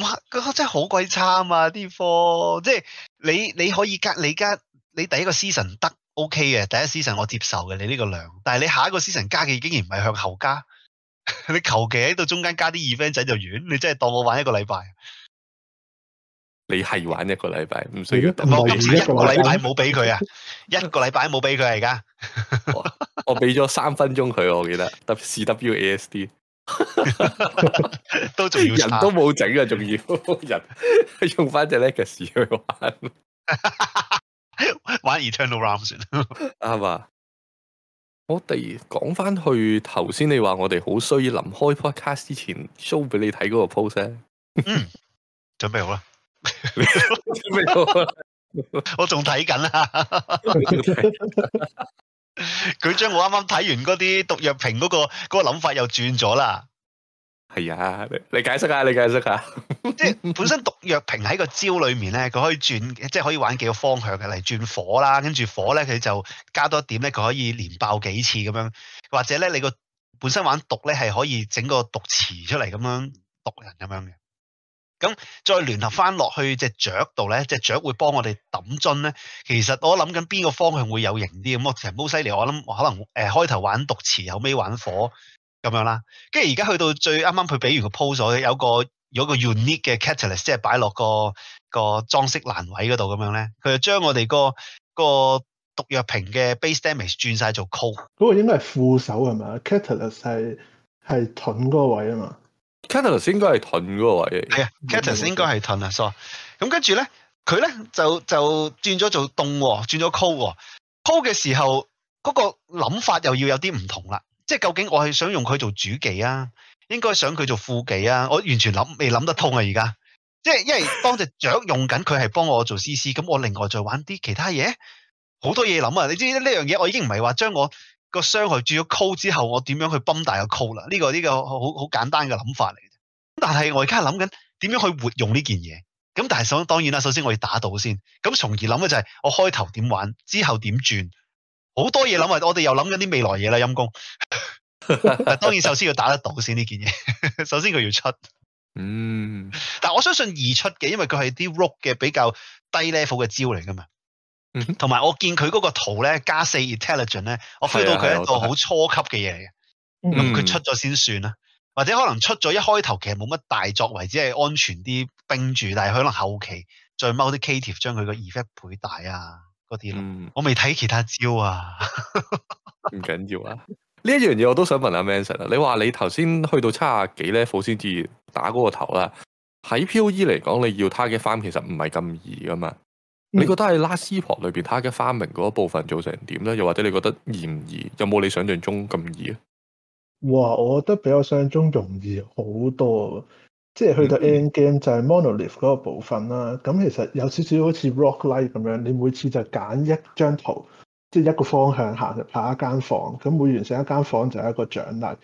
哇係，真係好鬼差啊！啲貨即係你，你可以加你加你第一個 season 得 O K 嘅，第一 season 我接受嘅你呢個量，但係你下一個 season 加嘅竟然唔係向後加， 你求其喺到中間加啲 e v e n t 仔就完，你真係當我玩一個禮拜？你係玩一個禮拜，唔需要。是我今次一個禮拜冇俾佢啊， 一個禮拜冇俾佢而家。我俾咗三分鐘佢，我記得，W C W A S D。 都仲要人都冇整啊，仲要人用翻隻 legacy 去玩， 玩 eternal realm 啊嘛。我哋講翻去頭先，剛才你話我哋好衰，臨開 podcast 之前 show 俾你睇嗰個 post 嗯，準備好啦， 準備好啦 我仲睇緊啦佢將我啱啱睇完嗰啲毒藥瓶嗰個嗰個諗法又轉咗啦。係啊，你解釋下，你解釋下。 即係本身毒藥瓶喺個招裏面咧，佢可以轉，即係可以玩幾個方向嘅，例如轉火啦。跟住火咧，佢就加多點咧，佢可以連爆幾次咁樣。或者咧，你個本身玩毒咧，係可以整個毒池出嚟咁樣毒人咁樣嘅。咁再聯合翻落去隻雀度咧，隻雀會幫我哋揼樽咧。其實我諗緊邊個方向會有型啲咁我其實好犀利。我諗可能誒、呃、開頭玩毒池，後尾玩火咁樣啦。跟住而家去到最啱啱佢俾完 post, 我個 pose，有個有、個 unique 嘅 catalyst，即係擺落個個裝飾欄位嗰度咁樣咧。佢就將我哋個、個毒藥瓶嘅 base damage 轉晒做 cold。嗰個應該係副手係咪啊？catalyst 係係盾嗰個位啊嘛。Catus 應該係盾嗰個位置，係啊，Catus 應該係盾啊，所咁跟住咧，佢咧就就轉咗做凍，轉咗 call，call 嘅時候嗰、嗰個諗法又要有啲唔同啦，即係究竟我係想用佢做主技啊，應該想佢做副技啊，我完全諗未諗得通啊，而家即係因為當隻雀用緊佢係幫我做 C C，咁我另外再玩啲其他嘢，好多嘢諗啊，你知呢樣嘢我已經唔係話將我。個傷害轉咗 call 之後，我點樣去泵大這個 call 啦？呢，這個呢個好好簡單嘅諗法嚟嘅。但係我而家係諗緊點樣去活用呢件嘢。咁但係首當然啦，首先我要打到先。咁從而諗嘅就係、是、我開頭點玩，之後點轉，好多嘢諗埋我哋又諗緊啲未來嘢啦，陰公。 當然首先要打得到先呢件嘢。 首先佢要出，嗯。但係我相信易出嘅，因為佢係啲 Rogue 嘅比較低 level 嘅招嚟噶嘛。同埋我見佢嗰個圖咧，加四 intelligent 咧，我 feel 到佢一個好初級嘅嘢嚟嘅，咁佢出咗先算啦，嗯、或者可能出咗一開頭其實冇乜大作為，只係安全啲冰住，但係可能後期再 multiply 將佢個 effect 倍大啊嗰啲咯，嗯、我未睇其他招啊，唔 緊要啊，呢一樣嘢我都想問阿 Manson 啦，你話你頭先去到七廿幾咧，先至打嗰個頭啦，喺 P.O.E 嚟講，你要 target 翻，其實唔係咁易噶嘛。你覺得喺拉斯婆裏邊，他嘅發明嗰一部分做成點咧？又或者你覺得易唔易，有冇你想象中咁易咧？哇，我覺得比我想象中容易好多，即係去到 end game 就係 monolith 嗰個部分啦。咁、嗯、其實有少少好似 roguelike 咁樣，你每次就揀一張圖，即係一個方向行入拍一間房間，咁每完成一間房就有一個獎勵。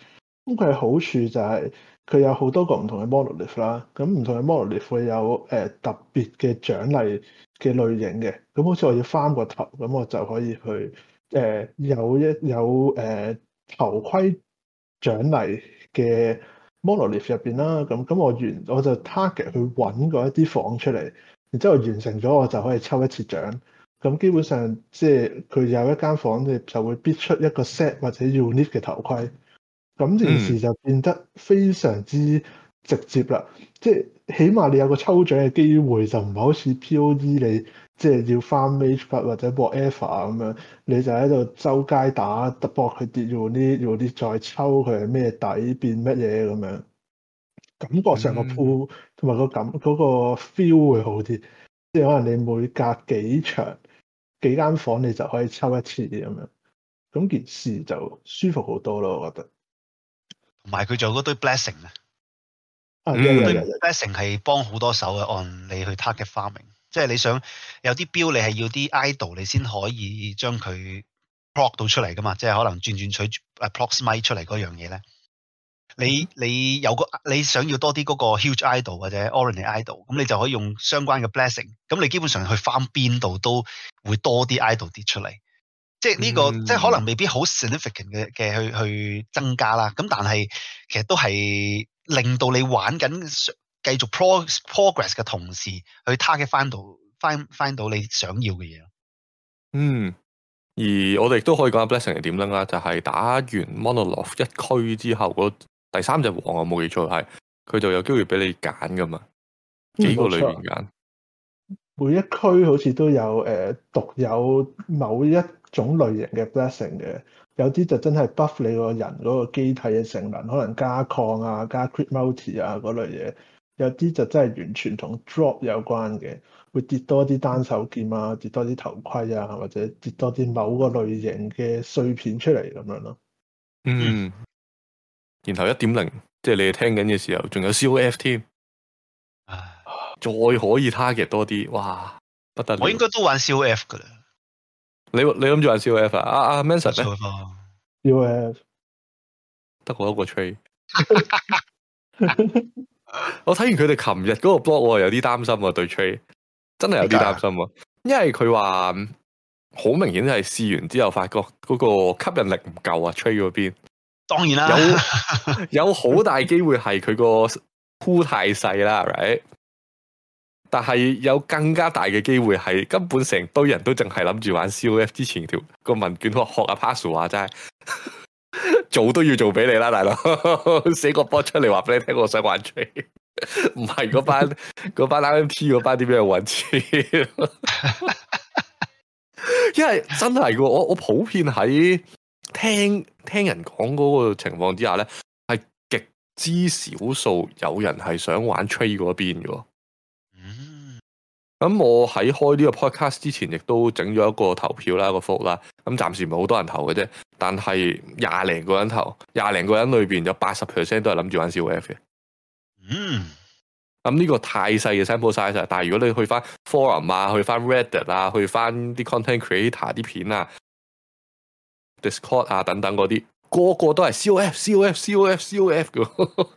咁佢嘅好處就係，佢有好多個唔同嘅 monolith 啦，咁唔同嘅 monolith 會有誒、呃、特別嘅獎勵嘅類型嘅，咁好似我要 farm 個頭，咁我就可以去誒、呃、有一有誒、呃、頭盔獎勵嘅 monolith 入邊啦，咁咁我完我就 target 去揾嗰一啲房出嚟，然之後完成咗我就可以抽一次獎，咁基本上即係佢有一間房，你就會必出一個 set 或者 unique 嘅頭盔。咁件事就變得非常之直接啦，嗯，即係起碼你有個抽獎嘅機會就，e，就唔係好似 POE 你即係要翻 Mageblood 或者 whatever 咁樣，你就喺度周街打突搏佢跌用啲用啲再抽佢係咩底變乜嘢咁樣，感覺上個鋪同埋個感嗰個 feel 會好啲，即係可能你每隔幾場幾間房你就可以抽一次咁樣，咁件事就舒服好多咯，我覺得。埋佢做嗰堆 blessing 啊！嗰堆 blessing 係幫好多手嘅，按你去 target farming，即係你想有啲標，你係要啲 idol，你先可以將佢 proc 到出嚟噶嘛？即係可能轉轉取 approximate 出嚟嗰樣嘢咧。你你有個你想要多啲嗰個 huge idol 或者 orange idol，咁你就可以用相關嘅 blessing。咁你基本上去翻邊度都會多啲 idol 跌出嚟。即係、這、呢個，即係可能未必好 significant 嘅嘅去、嗯、去增加啦。咁但係其實都係令到你玩緊繼續 pro, progress progress 嘅同時，去 target 翻到翻翻到你想要嘅嘢咯。嗯，而我哋都可以講下 Blessing 係點樣啦？就係、是、打完 Monolith 一區之後，第三隻王我冇記錯係佢就有機會俾你揀噶嘛，幾個裏面揀。每一區好似都有誒、呃、獨有某一種類型嘅 blessing 嘅，有啲就真係 buff 你個人嗰個機體嘅性能，可能加抗啊、加 crit multi 啊嗰類嘢；有啲就真係完全同 drop 有關嘅，會跌多啲單手劍啊、跌多啲頭盔啊，或者跌多啲某個類型嘅碎片出嚟咁樣咯。嗯，然後一點零，即係你哋聽緊嘅時候，仲有 CoF 添。再可以 target 多啲，哇！不得了！我應該都玩 C O F 噶啦。你你諗住玩 C O F 啊？阿阿 Manson 咩？C O F 得我一個 trade。 我睇完佢哋琴日嗰個 blog，我有啲擔心啊，對 trade 真係有啲擔心啊，為因為佢話好明顯係試完之後發覺嗰個吸引力唔夠啊，trade 嗰邊。那邊當然啦， 有有好大機會係佢個窟太細啦，right 但係有更加大嘅機會，係根本成堆人都淨係諗住玩 CoF 之前條個文件，我學阿、啊、Parsu 話齋，做都要做俾你啦，大佬，寫個波出嚟話俾你聽，我想玩 trade, trade 唔係嗰班嗰班 RMT 嗰班啲咩搵錢，因為真係嘅，我我普遍喺聽聽人講嗰個情況之下咧，係極之少數有人係想玩 trade 嗰邊嘅。咁我喺開呢個 podcast 之前，亦都整咗一個投票啦，一個福啦。咁暫時唔係好多人投嘅啫，但係廿零個人投，廿零個人裏邊有八十 percent 都係諗住玩 CoF 嘅。嗯，咁呢個太細嘅 sample size，但係如果你去翻 forum 啊，去翻 Reddit 啊，去翻啲 content creator 啲片啊，Discord 啊等等嗰啲，個個都係 CoF、CoF、CoF、CoF 嘅。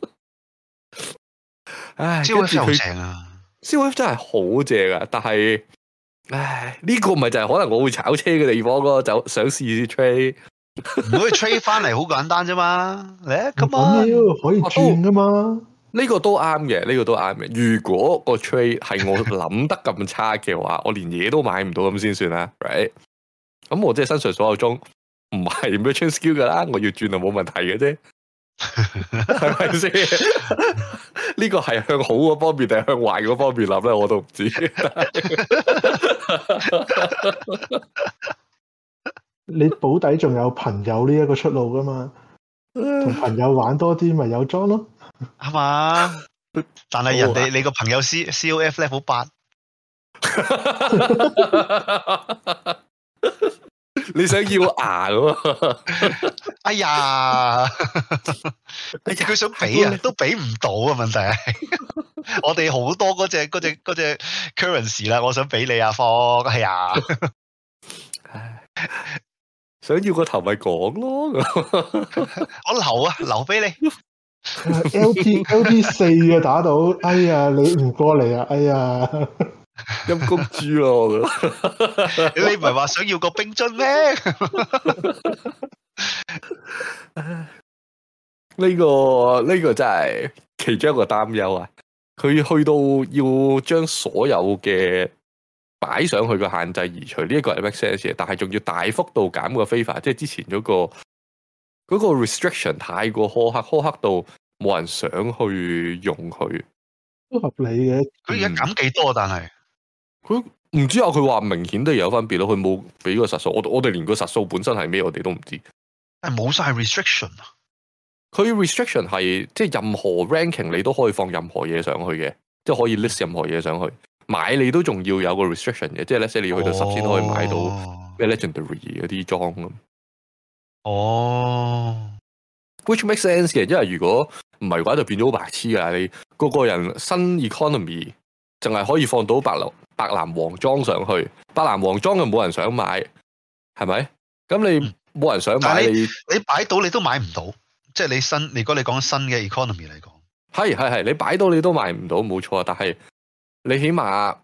唉，招數好正啊！CoF 真係好正噶，但係，唉呢、這個唔係就係可能我會炒車嘅地方咯，就想試，試 trade，可以 trade 翻嚟好簡單啫嘛，嚟咁 可、啊、可以轉噶嘛？呢、哦這個都啱嘅，呢、這個都啱嘅。如果個 trade 係我諗得咁差嘅話， 我連嘢都買唔到咁先算啦，right？咁我即係身上所有鐘唔係 match skill 噶啦，我要轉就冇問題嘅啫。係咪先？呢、 呢個係向好嗰方面定向壞嗰方面諗咧？我都唔知道。 你保底仲有朋友呢一個出路噶嘛？同朋友玩多啲咪有裝咯，係嘛？但係人哋 你個朋友 C C O F level 八。你想要我牙喎、 哎呀！哎呀！佢想俾啊，都俾唔到啊！問題係，我哋好多嗰隻嗰隻嗰隻 currency 啦，我想俾你啊，方。哎呀，想要個頭咪講咯， 我留啊，留俾你。L P L P 四啊，打到！哎呀，你唔過嚟啊！哎呀～陰公豬咯，你唔係話想要個冰樽咩？呢個呢個真係其中一個擔憂啊！佢去到要將所有嘅擺上去嘅限制移除，呢一個係 make sense 嘅，但係仲要大幅度減個 fee 法，即係之前嗰個嗰個 restriction 太過苛刻，苛刻到冇人想去用佢，都合理嘅。佢而家減幾多？但係。佢唔知啊！佢話明顯都有分別咯。佢冇俾個實數，我我哋連個實數本身係咩，我哋都唔知。但係冇晒 restriction 啊！佢 restriction 係即係任何 ranking 你都可以放任何嘢上去嘅，即係可以 list 任何嘢上去買，你都仲要有個 restriction 嘅，即係例如你要去到十先可以買到 legendary 嗰啲裝咁。哦、oh. oh.，which makes sense 嘅，因為如果唔係嘅話就變咗好白痴噶啦！你個個人新 economy 淨係可以放到百六。白蘭黃裝上去，白蘭黃裝又冇人想買，係咪？咁你冇人想買，嗯、你你擺到你都買唔到，即係你新。如果你講新嘅 economy 嚟講，係係係，你擺到你都賣唔到，冇錯。但係你起碼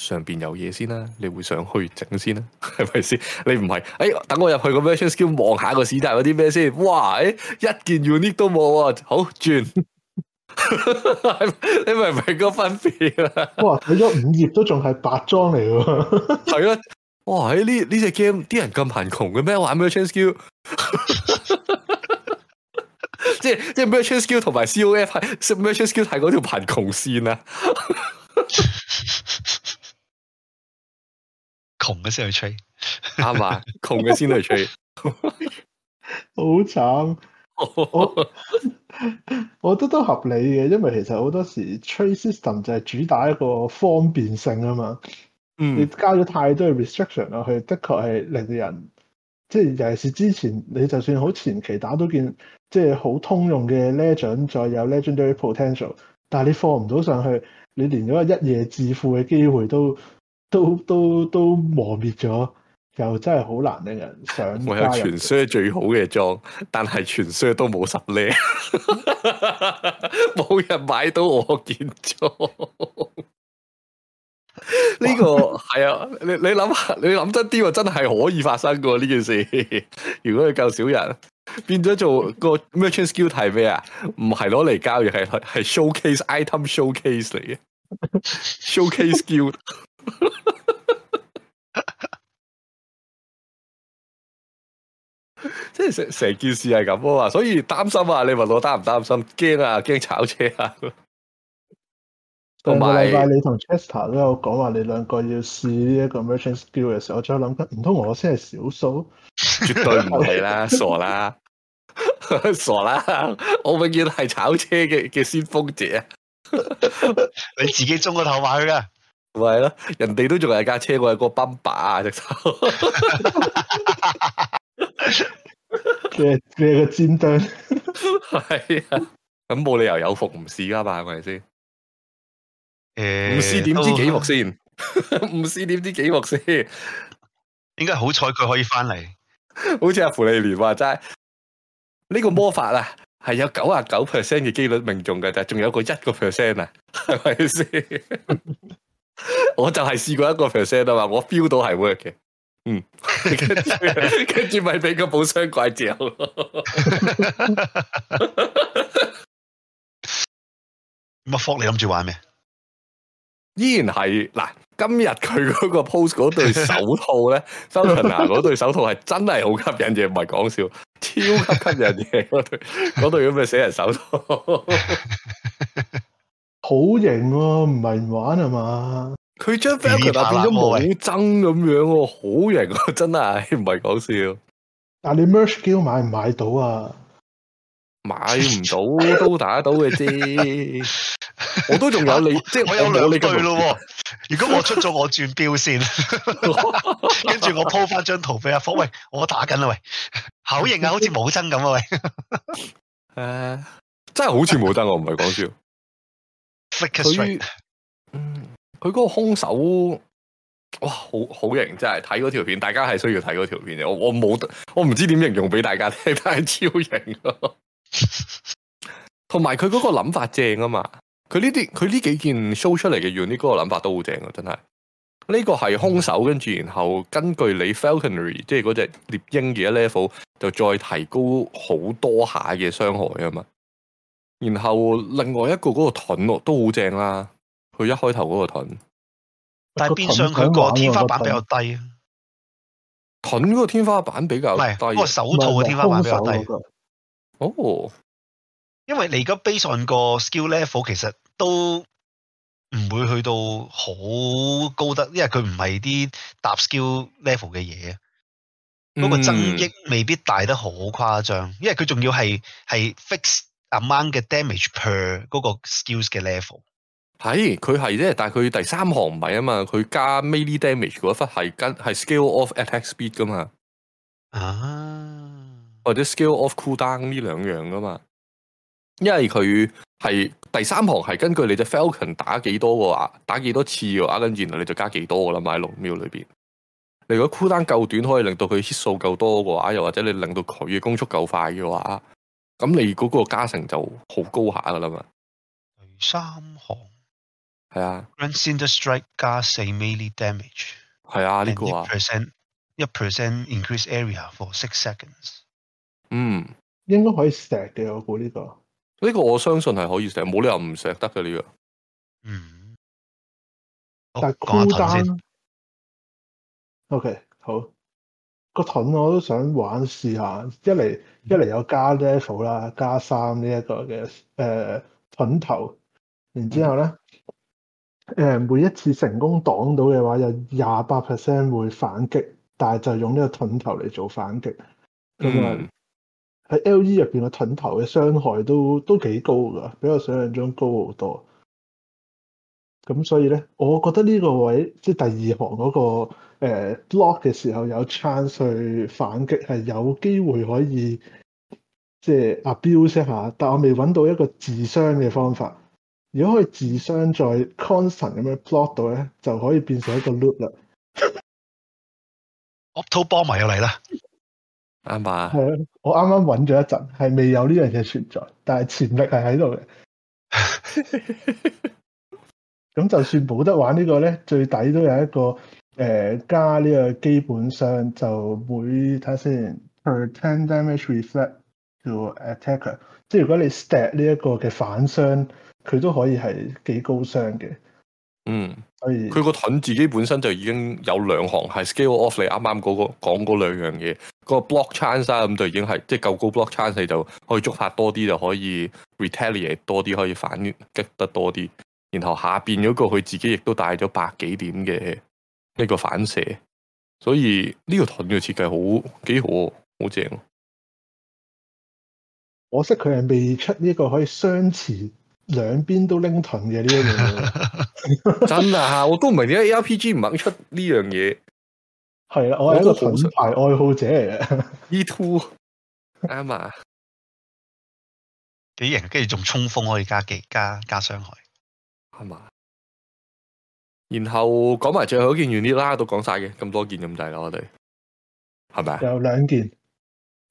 上邊有嘢先啦、啊，你會想去整先啦、啊，係咪先？你唔係，哎、欸，等我入去個 Merchant's Guild 望下個市集有啲咩先。哇，哎，一件 unique 都冇啊，好轉。轉 你明唔明個分別啊？哇，睇咗五頁都仲係白裝嚟喎。係咯，哇！呢呢隻 game 啲人咁貧窮嘅咩？玩咩 Merchant Guild？ 即係即係咩 Merchant Guild 同埋 C O F 係咩 Merchant Guild 係嗰條貧窮線啊窮的？窮嘅先去吹，啱嘛？窮嘅先去吹，好慘。 我我覺得都合理嘅，因為其實好多時 trade system 就係主打一個方便性啊嘛。嗯，你加咗太多嘅 restriction 落去，的確係令人，即係尤其是之前你就算好前期打到件，即係好通用嘅 legend，再有 legendary potential，但係你放唔到上去，你連咗一夜致富嘅機會都都都都磨滅咗。又真係好難令人上。我有傳説最好嘅裝，但係傳説都冇十領，冇人買到我件裝呢個係哇 啊，你你諗下，你諗真啲喎，真係可以發生㗎呢件事。如果佢夠少人，變咗做個 merchant skill 係咩啊？唔係攞嚟交易，係係 showcase item showcase 嚟嘅 showcase skill。 即係成成件事係咁啊嘛，所以擔心啊，你問我擔唔擔心？驚啊，驚炒車啊！同埋、嗯，你同 Chester 都有講話，你兩個要試呢一個 merchant skill 嘅時候，我再諗緊，唔通我先係少數？ 絕對唔係啦，傻啦， 傻啦！我永遠係炒車嘅嘅先鋒者啊！ 你自己中個頭埋去噶，係咯，人哋都仲係架車位個 bumper 啊隻手。 即係即係個尖端，係 啊，咁冇理由有福唔試噶嘛，係咪、欸、先？唔試點知幾福先？唔試點知幾福先？應該好彩佢可以翻嚟， 好似阿芙莉蓮話齋，呢、呢個魔法啊，係有九啊九 percent 嘅機率命中噶，但仲有個一個 percent 啊，係咪先？我就係試過一個 percent 啊嘛，我 feel 到係 work 嘅。嗯，跟住，跟住，咪俾個寶箱怪鳥咯。乜福你諗住玩咩？依然係嗱，今日佢嗰個 post 嗰對手套咧，周俊達嗰對手套係真係好吸引嘅，唔係講笑，超級吸引嘅嗰對，嗰對叫咩死人手套好、哦？好型喎，唔係唔玩係嘛？佢張 face 變咗武僧咁樣喎，好型啊！真係唔係講笑。但你 merge skill 買唔買到啊？買唔到都打到嘅啫。我都仲有你，即係我有兩句咯。如果我出咗，我轉標先。跟住我鋪翻張圖俾阿福喂，我打緊啦喂，口型啊，好似武僧咁啊喂。誒，真係好似武僧，我唔係講笑。佢嗰個兇手哇，好好型，真係睇嗰條片，大家係需要睇嗰條片嘅。我冇得，我唔知點形容俾大家聽，但係超型咯。同埋佢嗰個諗法正啊嘛，佢呢啲佢呢幾件 show 出嚟嘅，unique 呢嗰個諗法都好正啊，真係。呢個係兇手，跟住然後根據你 falconry，即係嗰隻獵鷹嘅 level，就再提高好多下嘅傷害啊嘛。然後另外一個嗰個盾落都好正啦。佢一開頭嗰個盾，但係變相佢個天花板比較低啊。盾嗰個天花板比較低，個手套嘅天花板比較低。哦，因為你而家 base 上個 skill level 其實都唔會去到好高得，因為佢唔係啲搭 skill level 嘅嘢。嗰個增益未必大得好誇張，因為佢仲要係係 fix amount 嘅 damage per 嗰個 skills 嘅 level。係佢係啫，但係佢第三行唔係啊嘛，佢加 melee damage 嗰忽係跟係 scale off attack speed 噶嘛，啊或者 scale off cooldown 呢兩樣噶嘛，因為佢係第三行係根據你隻 falcon 打幾多個打幾多次嘅話，跟住然後你就加幾多噶啦，喺六秒裏邊。你如果 cooldown 夠短，可以令到佢 hit 數夠多嘅話，又或者你令到佢嘅攻速夠快嘅話，咁你嗰個加成就好高下噶啦嘛。第三行。係啊，Grand Cinder Strike 加四 Mili Damage，係啊呢個啊，一 percent 一 percent increase area for six seconds。嗯，應該可以錫嘅我估呢個。呢個我相信係可以錫，冇理由唔錫得嘅呢個。嗯，講下盾先，OK 好個盾我都想玩試下，一嚟一嚟有加 level 啦，加三呢一個嘅誒盾頭，然之後咧。誒，每一次成功擋到嘅話，有廿八 percent 會反擊，但係就用呢個盾頭嚟做反擊。咁啊、嗯，喺 LE 入邊個盾頭嘅傷害都都幾高噶，比我想象中高好多。咁所以咧，我覺得呢個位即係、就是、第二行嗰、那個誒、呃、lock 嘅時候有 chance 去反擊，係有機會可以即係、就是、abuse 吓，但我未揾到一個自傷嘅方法。如果可以自傷再 constant 咁樣 plot 到咧，就可以變成一個 loop 啦。Opto 波埋入嚟啦，啱唔啱啊？我啱啱揾咗一陣，係未有呢樣嘢存在，但係潛力係喺度嘅。咁就算冇得玩這個呢個咧，最底下都有一個加呢個基本上就每睇下先。t e n t damage reflect to attacker，即，如果你 s t 錫呢一個嘅反傷。佢都可以係幾高傷嘅，嗯，所以佢個盾自己本身就已經有兩行係 scale off 你啱啱嗰個講嗰兩樣嘢，個 block chance 啦，咁就已經係即係夠高 block chance，你就可以觸發多啲就可以 retaliate 多啲可以反擊得多啲。然後下邊嗰個佢自己亦都帶咗百幾點嘅呢個反射，所以呢個盾嘅設計好幾、啊、好，好正、啊。可惜佢係未出呢個可以相似。兩邊都拎盾嘅呢樣嘢， 真啊！我都唔明點解 ARPG 唔肯出呢樣嘢。係啦、啊，我係一個盾牌愛好者嚟嘅。 E two，啱啊！幾型，跟住仲衝鋒可以加技加加傷害，係嘛？然後講埋最後一件，原啲啦，都講晒嘅，咁多件咁滯啦，我哋係咪啊？有兩件，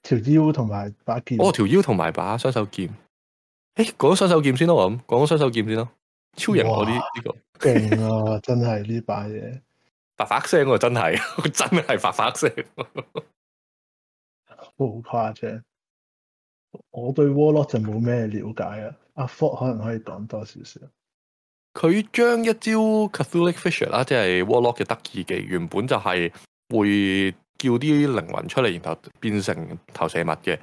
條腰同埋把劍。哦，條腰同埋把雙手劍。誒，講咗雙手劍先咯，咁講雙手劍先咯，超型嗰啲呢個勁啊，真係呢把嘢，白發聲啊，真係真係白發聲，好誇張。我對 Warlock 就冇咩了解啊，阿 Fort 可能可以講多少少。佢將一招 Catholic Fisher 啦，即係 Warlock 嘅得意技，原本就係會叫啲靈魂出嚟，然後變成投射物嘅。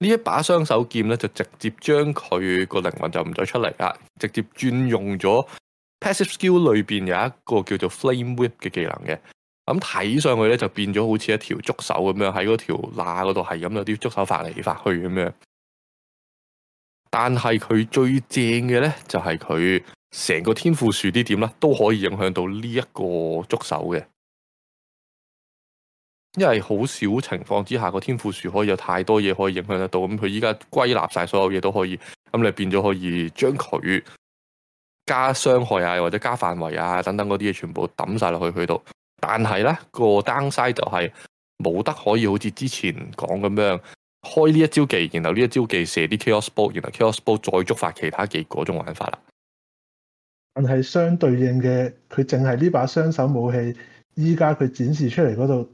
呢一把雙手劍咧，就直接將佢個靈魂就唔再出嚟啊！直接轉用咗 passive skill 裏邊有一個叫做 flame whip 嘅技能嘅，咁睇上去咧就變咗好似一條觸手咁樣喺嗰條罅嗰度，係咁有啲觸手發嚟發去咁樣。但係佢最正嘅咧，就係佢成個天賦樹啲點咧，都可以影響到呢一個觸手嘅。因為好少情況之下，個天賦樹可以有太多嘢，可以影響得到。咁佢依家歸納晒所有嘢都可以，咁你變咗可以將佢加傷害啊，或者加範圍啊，等等嗰啲嘢全部抌晒落去佢度。但係呢個 downside 就係冇得可以好似之前講咁樣，開呢一招技，然後呢一招技射啲 chaos ball，然後 chaos ball 再觸發其他技嗰種玩法啦。但係相對應嘅，佢淨係呢把雙手武器，依家佢展示出嚟嗰度。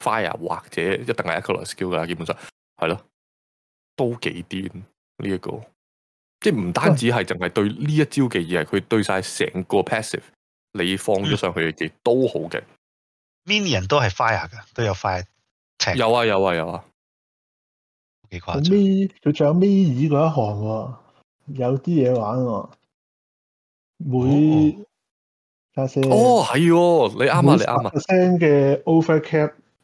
Fire 或者一定係一個 skill 噶啦，基本上係咯，都幾癲呢一個，即係唔單止係淨係對呢一招嘅嘢，佢、哎、對晒成個 passive 你放咗上去嘅嘢、嗯、都好勁。Minion 都係 fire 噶，都有 fire tech，有、啊。有啊有啊有啊，幾誇張。佢咩？佢仲有 m 咩爾嗰一行、哦？有啲嘢玩喎、哦。每哦係哦，聲哦，哦，你啱啊你啱啊。嘅 overcap、哦。哦聲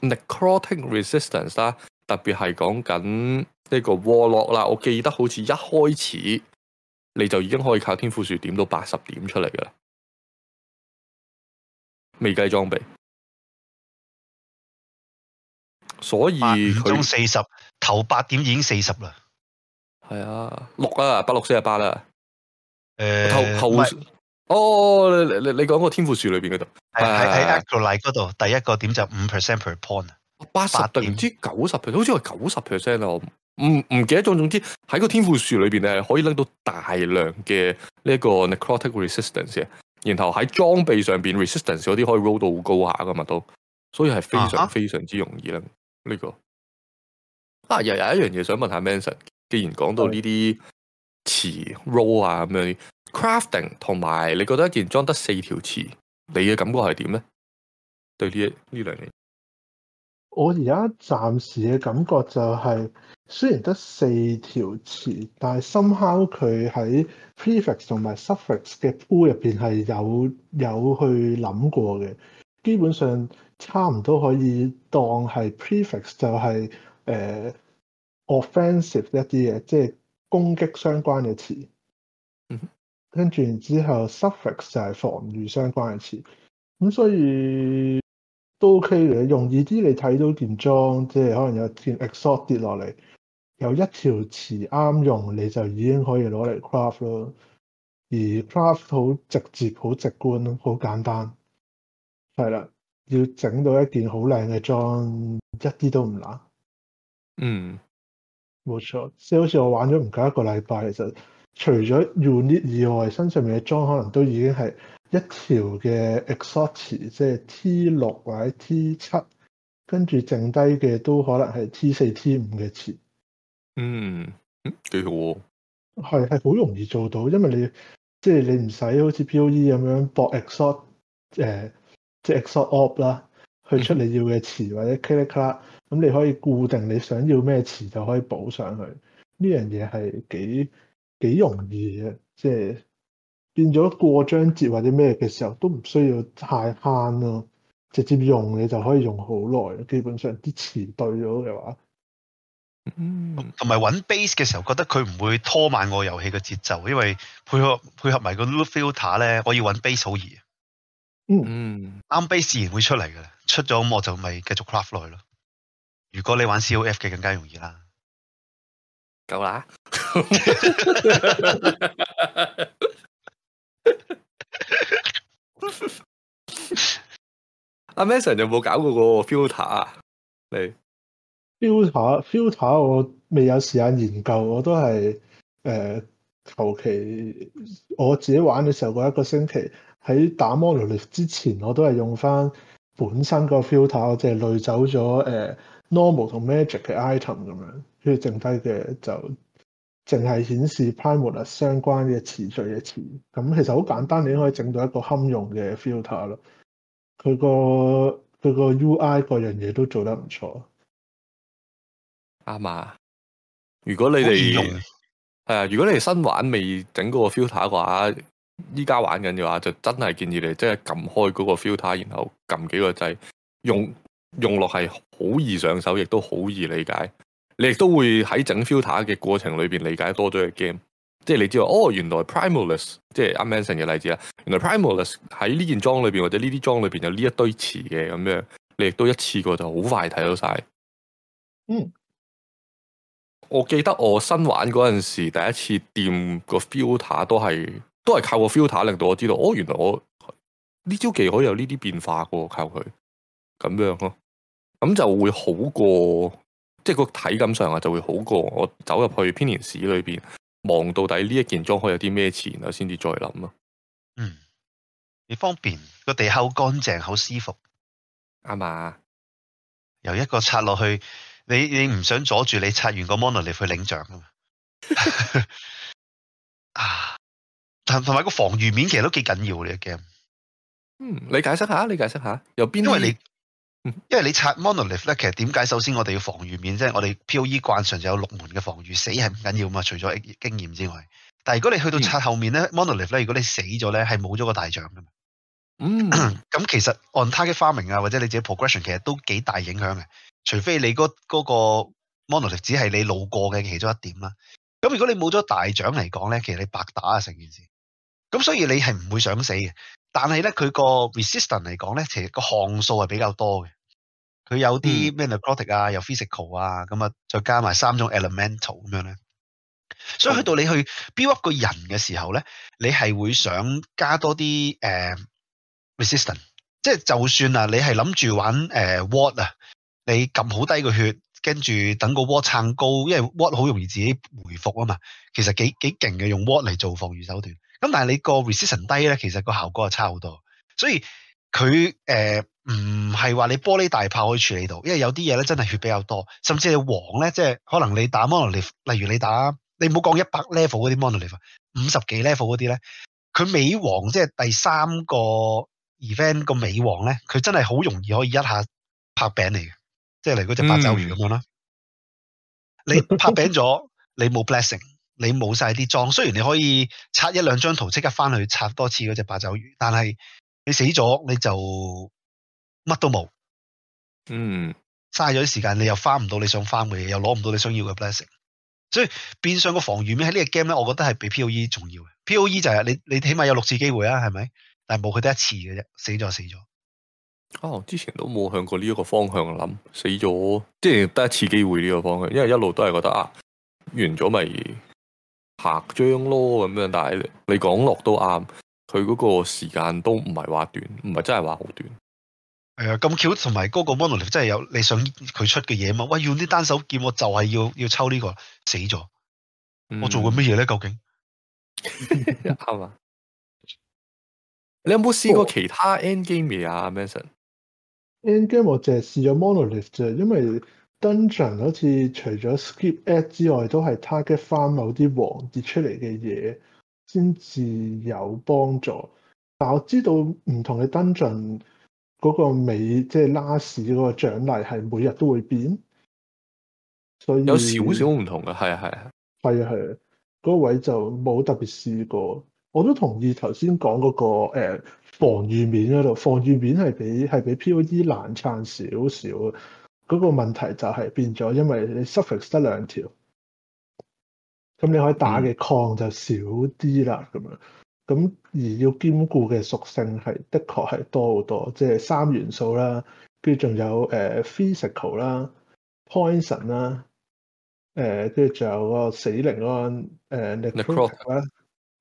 necrotic resistance 啦，特別係講緊呢個 Warlock 啦，我記得好似一開始你就已經可以靠天賦樹點到八十點出嚟㗎喇，未計裝備，所以佢中四十頭八點已經四十啦，係啊六啊八六四十八啊，誒、啊啊呃、頭，頭哦，你你你講個天賦樹裏邊嗰度，喺喺 actual 裏嗰度，第一個點就五 percent per point，八十定唔知九十，好似係九十 percent 哦，唔唔記得咗。總之喺個天賦樹裏邊咧，可以拎到大量嘅呢一個 necrotic resistance，然後喺裝備上邊 resistance 嗰啲可以 roll 到好高下噶嘛都，所以係非常非常之容易啦。呢、啊啊這個啊又有一樣嘢想問下 Manson，既然講到呢啲詞 roll 啊咁樣。Crafting 同埋，ting, 你覺得一件裝得四條詞，你嘅感覺係點咧？對呢一呢兩年，我而家暫時嘅感覺就係、是，雖然得四條詞，但係 somehow 佢喺 prefix 同埋 suffix 嘅 pool 入邊係有有去諗過嘅。基本上差唔多可以當係 prefix，就係、是、誒、呃、offensive 一啲嘢，即、就、係、是、攻擊相關嘅詞。跟住然之後，suffix 就係防禦相關嘅詞，咁所以都 OK 嘅，容易啲你睇到件裝，即係可能有件 exalt 跌落嚟，有一條詞啱用，你就已經可以攞嚟 craft 咯。而 craft 好直接、好直觀、好簡單，係啦，要整到一件好靚嘅裝，一啲都唔難。嗯，冇錯，即係好似我玩咗唔夠一個禮拜，其實。除咗 unit 以外，身上面嘅裝可能都已經係一條嘅 exalted，即係、就是、T 六或者 T 七，跟住剩低嘅都可能係 T 四、T 五嘅詞。嗯，幾好。係係好容易做到，因為你即係、就是、你唔使好似 POE 咁樣博 exalted，誒、呃，即係 exalted orb 啦，去出你要嘅詞、嗯、或者 carry card，咁你可以固定你想要咩詞就可以補上去。呢樣嘢係幾。.幾容易嘅，即係變咗過章節或者咩嘅時候，都唔需要太慳咯。直接用你就可以用好耐，基本上啲詞對咗嘅話，嗯，同埋揾 base 嘅時候，覺得佢唔會拖慢我遊戲嘅節奏，因為配合配合埋個 loop filter 咧，我要揾 base 好易。嗯嗯，啱、嗯、base 自然會出嚟嘅，出咗咁我就咪繼續 craft 落去咯。如果你玩 COF 嘅，更加容易啦。夠啦。阿 Mason 有冇搞過個 filter 啊？你 filter，filter，我未有時間研究，我都係誒，求其我自己玩嘅時候，嗰一個星期喺打 Monolith 之前，我都係用翻本身個 filter，即係濾走咗誒 normal 同 magic 嘅 item 咁樣，跟住剩低嘅就。淨係顯示 Primalist 相關嘅詞綴嘅詞綴，咁其實好簡單，你可以整到一個堪用嘅 filter 啦。佢個佢個 UI 嗰樣嘢都做得唔錯，啱嘛？如果你哋係啊，如果你哋、啊、新玩未整嗰個 filter 嘅話，依家玩緊嘅話，就真係建議你即係撳開嗰個 filter，然後撳幾個掣，用用落係好易上手，亦都好易理解。你亦都會喺整 filter 嘅過程裏面理解多咗嘅 game，即係你知道哦，原來 Primalist 即係阿 Man 嘅例子啊。原來 Primalist 喺呢件裝裏面，或者呢啲裝裏面有呢一堆詞嘅咁樣，你亦都一次過就好快睇到晒。嗯，我記得我新玩嗰陣時，第一次掂個 filter 都係都係靠個 filter 令到我知道哦，原來我呢招技可以有呢啲變化喎，靠佢咁樣咯，咁就會好過。即係個體感上啊，就會好過我走入去編年市裏邊望到底呢一件裝可以有啲咩錢啊，先至再諗咯。嗯，你方便個地溝乾淨好舒服，啱嘛吧？由一個拆落去，你你唔想阻住你拆完個 Monolith 嚟去領獎啊？同同埋個防御面其實都幾緊要嘅 game。這個、嗯，你解釋下，你解釋下，由邊度因為你。因為你刷 monolith 咧，其實點解首先我哋要防御面，即係我哋 POE 慣常就有六門嘅防御死係唔緊要嘛，除咗經驗之外。但係如果你去到刷後面咧，monolith 咧，嗯、mon olith, 如果你死咗咧，係冇咗個大獎嘅。嘛、嗯。咁其實 on target farming 啊，或者你自己 progression，其實都幾大影響嘅。除非你嗰個 monolith 只係你路過嘅其中一點啦。咁如果你冇咗大獎嚟講咧，其實你白打啊成件事。咁所以你係唔會想死嘅。但係咧，佢個 resistance 嚟講咧，其實個項數係比較多嘅。佢有啲 necrotic 啊，有 physical 啊，咁啊，再加埋三種 elemental 咁樣咧。所以去到你去 build up 個人嘅時候咧，你係會想加多啲 resistance，嗯，即係就算啊，呃、ward, 你係諗住玩 ward 啊，你撳好低個血，跟住等個 ward 撐高，因為 ward 好容易自己回復啊嘛。其實幾幾勁嘅，用 ward 嚟做防禦手段。咁但係你個 resistance 低咧，其實個效果就差好多，所以佢誒唔係話你玻璃大炮可以處理到，因為有啲嘢咧真係血比較多，甚至係黃咧，即係可能你打 monolith，例如你打你唔好講一百 level 嗰啲 monolith，五十幾 level 嗰啲咧，佢尾黃即係第三個 event 個尾黃咧，佢真係好容易可以一下拍餅嚟嘅，即係嚟嗰隻八爪魚咁樣啦。嗯、你拍餅咗， 你冇 blessing。你冇晒啲裝，雖然你可以拆一兩張圖，即刻翻去拆多次嗰隻八爪魚，但係你死咗你就乜都冇，嗯，嘥咗啲時間，你又翻唔到你想翻嘅嘢，又攞唔到你想要嘅 blessing，所以變相個防禦面喺呢個 game 咧，我覺得係比 P.O.E 重要嘅 P.O.E。P.O.E 就係你你起碼有六次機會啊，係咪？但係冇佢得一次嘅啫，死咗死咗。哦，之前都冇向過呢一個方向諗，死咗即係得一次機會呢個方向，因為一路都係覺得啊，完咗咪。拍張咯，咁樣，但係你講落都啱，佢嗰個時間都唔係話短，唔係真係話好短。係啊、嗯，咁巧同埋嗰個 Monolith 真係有你想佢出嘅嘢嘛？喂，要呢單手劍，我就係要要抽呢、這個死咗。嗯、我做緊乜嘢咧？究竟啱啊？ 你有冇試過其他 end game 啊、oh，Manson？end game 我淨係試咗 Monolith 啫，因為。Dungeon 好似除咗 skip at 之外，都係 target 翻某啲王跌出嚟嘅嘢先至有幫助。但我知道唔同嘅 Dungeon 嗰個尾，即係 last 嗰個獎勵係每日都會變，所以有少少唔同嘅，係啊係啊，係啊係啊，嗰位就冇特別試過。我都同意頭先講嗰個防禦面嗰度，防禦面係比係比 POE 難撐少少。嗰個問題就係變咗，因為你 suffix 得兩條，咁你可以打嘅抗就少啲啦，咁、嗯、樣。咁而要兼顧嘅屬性係，的確係多好多，即係三元素啦，跟住仲有誒、呃、physical 啦，poison 啦，誒跟住仲有個死靈嗰、那個誒、呃、necrotic 啦，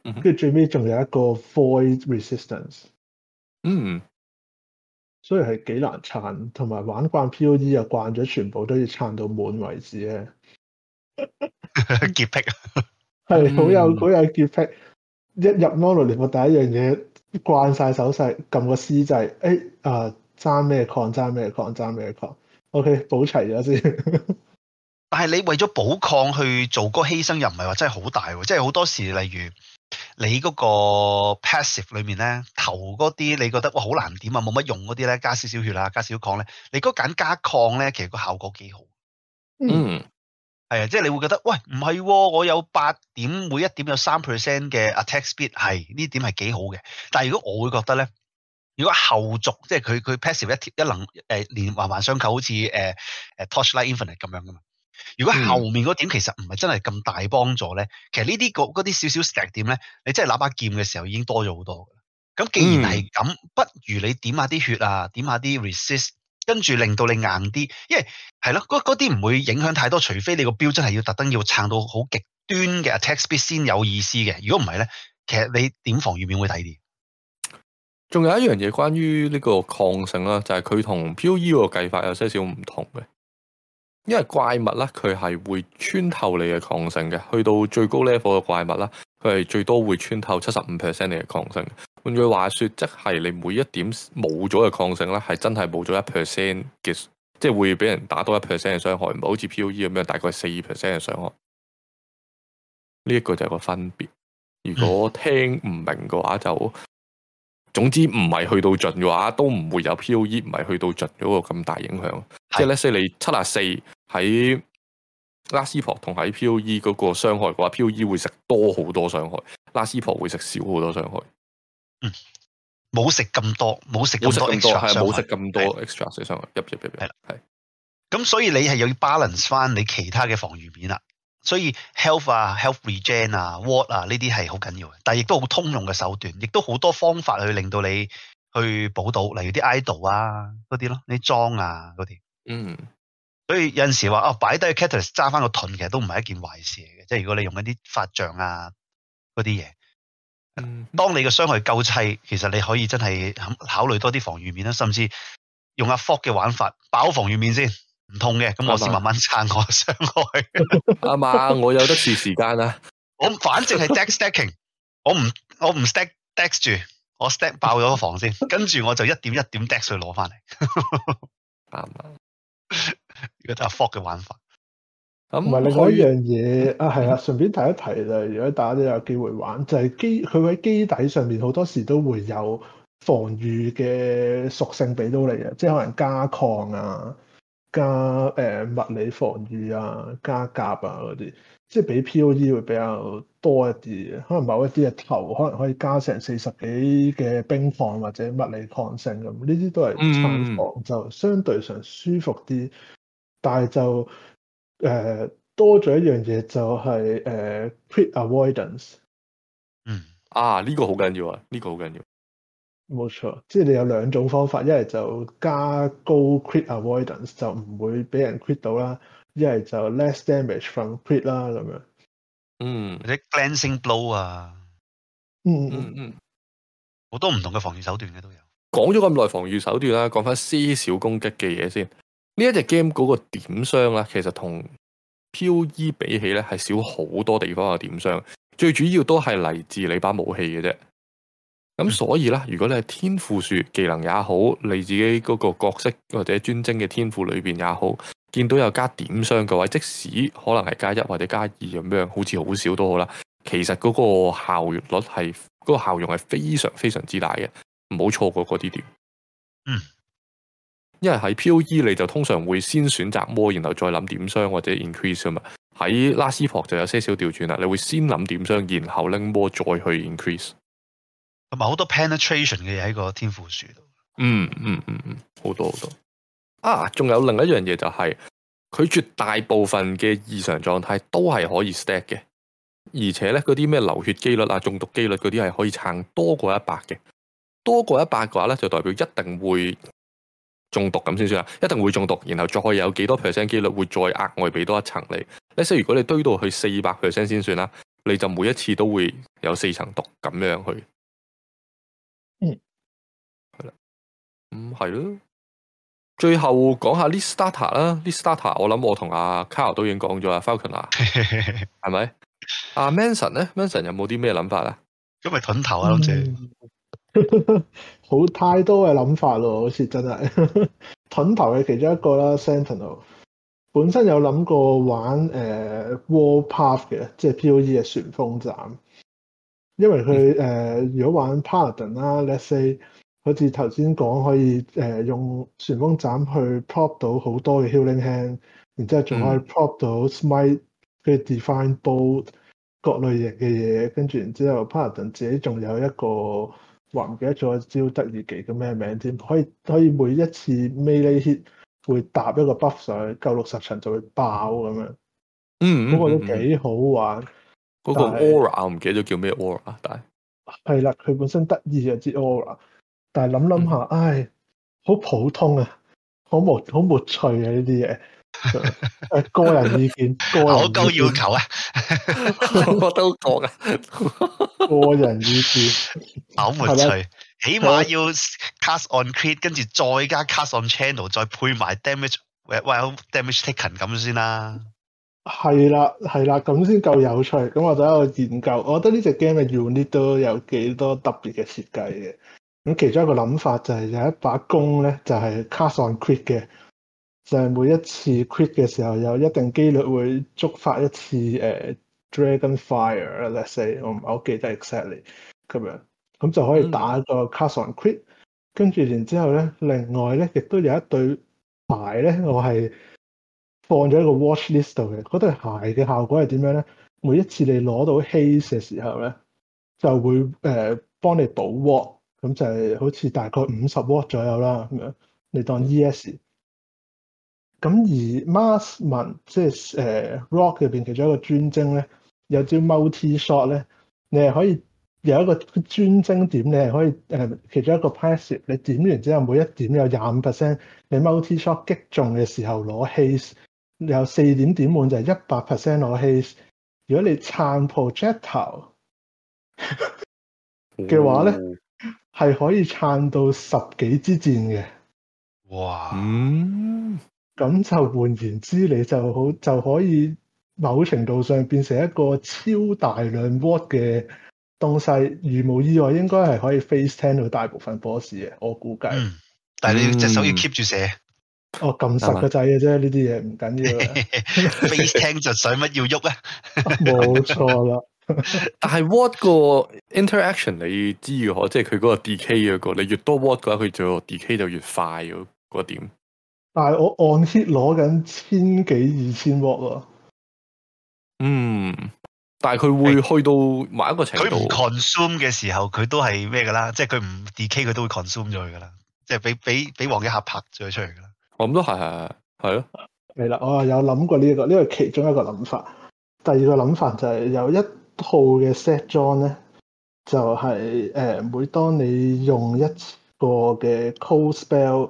跟住、嗯、最尾仲有一個 void resistance。嗯。所以係幾難撐，同埋玩慣 POE 就慣咗，全部都要撐到滿為止咧。潔癖，係好有好有潔癖。一入 Monolith 第一樣嘢，慣晒手勢，撳個 C 制、哎，誒、呃、啊，爭咩抗？爭咩抗？爭咩抗 O.K. 補齊咗先 。但係你為咗補抗去做個犧牲人，又唔係話真係好大，即係好多時例如，你嗰個 passive 裏面咧，頭嗰啲你覺得哇好難點啊，冇乜用嗰啲咧，加少少血啊，加少少抗咧，你嗰個揀加抗咧，其實個效果幾好。嗯，係啊，即係你會覺得喂唔係、哦，我有八點，每一點有三 percent 嘅 attack speed 係呢點係幾好嘅。但係如果我會覺得咧，如果後續即係佢佢 passive 一貼一能誒連環環相扣，好似誒誒、uh, Torchlight Infinite 咁樣噶嘛。如果後面嗰點其實唔係真係咁大幫助咧，嗯、其實呢啲嗰啲少少石點咧，你真係攞把劍嘅時候已經多咗好多㗎喇。咁既然係咁，嗯、不如你點下啲血啊，點下啲 resist，跟住令到你硬啲。因為係咯，嗰啲唔會影響太多，除非你個標真係要特登要撐到好極端嘅 text bit 先有意思嘅。如果唔係咧，其實你點防禦面會睇啲。仲有一樣嘢關於呢個抗性啦，就係佢同 PoE 嘅計法有些少唔同嘅。因為怪物咧，佢係會穿透你嘅抗性嘅，去到最高 level 嘅怪物啦，佢係最多會穿透七十五 percent 你嘅抗性的。換句話說，即係你每一點冇咗嘅抗性咧，係真係冇咗一 percent 嘅，即係會俾人打多一 percent 嘅傷害，唔係好似 P.O.E 咁樣，大概四 percent 嘅傷害。呢、這、一個就係個分別。如果聽唔明嘅話就，就總之唔係去到盡嘅話，都唔會有 P.O.E 唔係去到盡嗰個咁大影響。是即係咧，所以你七啊四。喺拉斯婆同喺 POE 嗰個傷害嘅話，POE 會食多好多傷害，拉斯婆會食少好多傷害。嗯，冇食咁多，冇食咁多，係冇食咁多 extra 傷害，入入入係啦，係。咁所以你係又要 balance 翻你其他嘅防禦面啦。所以 health 啊，health regen 啊 ward 啊，呢啲係好緊要，嘅，但係亦都好通用嘅手段，亦都好多方法去令到你去補到，例如啲 idol 啊嗰啲咯，啲裝啊嗰啲。嗯。所以有陣時話啊，擺低 catalyst 揸翻個盾，其實都唔係一件壞事嚟嘅。即係如果你用一啲法杖啊嗰啲嘢，當你個傷害夠砌，其實你可以真係考慮多啲防禦面啦，甚至用下 fog 嘅玩法，爆防禦面先唔痛嘅。咁我先慢慢撐我傷害吧。啱嘛，我有得試時間啊！我反正係 deck stacking，我唔我唔 stack deck 住，我 stack st 爆咗個防先，跟住我就一點一點 deck 佢攞翻嚟。啱嘛。如果打 f o 嘅玩法，咁同埋另外一樣嘢、嗯、啊，係啦、啊，順便提一提就啦。如果大家都有機會玩，就係基佢喺基底上面好多時都會有防禦嘅屬性俾到你啊，即係可能加抗啊，加誒、呃、物理防禦啊，加甲啊嗰啲，即係比 POE 會比較多一啲，可能某一啲嘅頭可能可以加成四十幾嘅冰防或者物理抗性咁，呢啲都係倉防、嗯、就相對上舒服啲。但係就誒、呃、多咗一樣嘢，就係、是、誒、呃、quit avoidance。嗯啊呢、這個好緊要，啊呢個好緊要。冇、這、錯、個，即係你有兩種方法，一係就加高 quit avoidance，就唔會俾人 quit 到啦；一係就 less damage from quit 啦，咁樣、嗯嗯。嗯，或者 glancing blow 啊。嗯嗯嗯，好多唔同嘅防禦手段嘅都有。講咗咁耐防禦手段啦，講翻些少攻擊嘅嘢先。呢一隻 game 嗰個的點傷咧，其實同 POE 比起咧，係少好多地方嘅點傷。最主要都係嚟自你把武器嘅啫。咁所以咧，如果你係天賦樹技能也好，你自己嗰個角色或者專精嘅天賦裡邊也好，見到有加點傷嘅話，即使可能係加一或者加二咁樣，2，好似好少都好啦，其實嗰個效率率係嗰個效用係非常非常之大嘅，唔好錯過嗰啲點。嗯。因為喺 POE 你就通常會先選擇 more，然後再諗點傷或者 increase 啊嘛，喺拉斯珀就有些少調轉啦，你會先諗點傷，然後拎 more 再去 increase。同埋好多 penetration 嘅嘢喺個天賦樹度、嗯。嗯嗯嗯嗯，好多好多。啊，仲有另一樣嘢就係、是、佢絕大部分嘅異常狀態都係可以 stack 嘅，而且咧嗰啲咩流血幾率啊中毒幾率嗰啲係可以撐多過一百嘅，多過一百嘅話咧就代表一定會。中毒咁先算啦，一定會中毒，然後再有幾多 percent 幾率會再額外俾多一層你。你如果你堆到去四百 percent 先算啦，你就每一次都會有四層毒咁樣去。嗯，是嗯，係啦，最後講下 League Starter 啦 League Starter 我諗我同阿 Carl 都已經講咗啦，Falconer 係咪？阿 Manson 咧，Manson 有冇啲咩諗法啊？有有法因為屯頭啊，老細。嗯好太多嘅諗法咯，好似真係盾頭嘅其中一個啦。Sentinel 本身有諗過玩誒 Warpath 嘅，即係 POE 嘅旋風斬，因為佢誒如果玩 Paladin 啦，Let’s say 好似頭先講可以誒用旋風斬去 prop 到好多嘅 Healing Hand，然之後仲可以 prop 到 Smite 嘅 Define Bolt 各類型嘅嘢，跟住然之後 Paladin 自己仲有一個。話唔記得咗招得意技叫咩名添？可以可以每一次 melee hit 會搭一個 buff 上去，夠六十層就會爆咁樣。嗯，嗯，嗯，嗯，嗰個都幾好玩。嗰個 aura 是我唔記得咗叫咩 aura，但係係啦，佢本身得意嘅隻 aura，但係諗諗下，嗯嗯唉，好普通啊，好冇好冇趣啊呢啲嘢。誒， 個人意見，好高要求啊！ 我都講啊 ，個人意見，好沒趣，吧起碼要 cast on crit，e 跟住再加 cast on channel，再配埋 damage、well, e damage taken 咁先啦、啊。係啦，係啦，咁先夠有趣。咁我做一個研究，我覺得呢隻 game 嘅 unit 都有幾多特別嘅設計嘅。咁其中一個諗法就係有一把弓咧，就係、是、cast on crit e 嘅。就係每一次 quit 嘅時候，有一定機率會觸發一次誒 dragon fire，let's say 我唔係好記得 exactly 咁樣，咁就可以打一個 cast on crit。跟住然之後咧，另外咧亦都有一對鞋咧，我係放咗一個 watch list 度嘅。嗰對鞋嘅效果係點樣咧？每一次你攞到 haze 嘅時候咧，就會誒、呃、幫你補 ward 咁就係好似大概五十 ward 左右啦咁樣。你當 es。咁而 Marksman 即係誒 rock 入邊其中一個專精咧，有招 multi shot 咧，你係可以有一個專精點，你係可以誒、嗯、其中一個 passive，你點完之後每一點有廿五 percent，你 multi shot 擊中嘅時候攞 haste，有四點點滿就係一百 percent 攞 haste。如果你撐 projectile 嘅話咧呢，係、嗯、可以撐到十幾支箭嘅。哇！咁就換言之，你就好就可以某程度上變成一個超大量 ward 嘅東西，如無意外，應該係可以 face tank 到大部分 boss 嘅，我估計。嗯、但係你隻手要 keep 住寫，我撳實個掣嘅啫，呢啲嘢唔緊要。Face tank 就使乜要喐啊？冇錯啦。但係 ward 個 interaction 你知如何，即係佢嗰個 decay 嗰個，你越多 ward 嘅話，佢做個 decay 就越快嗰點。但係我按 hit 攞緊千幾二千鑊喎，嗯，但係佢會去到某一個程度、欸、，佢唔 consume 嘅時候，佢都係咩噶啦？即、就、係、是、佢唔 decay 佢都會 consume 咗佢噶啦，即係俾俾俾王一客拍咗佢出嚟噶啦。我諗都係係係咯，未啦，我又有諗過呢、這、一個，呢、這個其中一個諗法。第二個諗法就係有一套嘅 set 裝咧，就係、是、誒每當你用一個嘅 cold spell。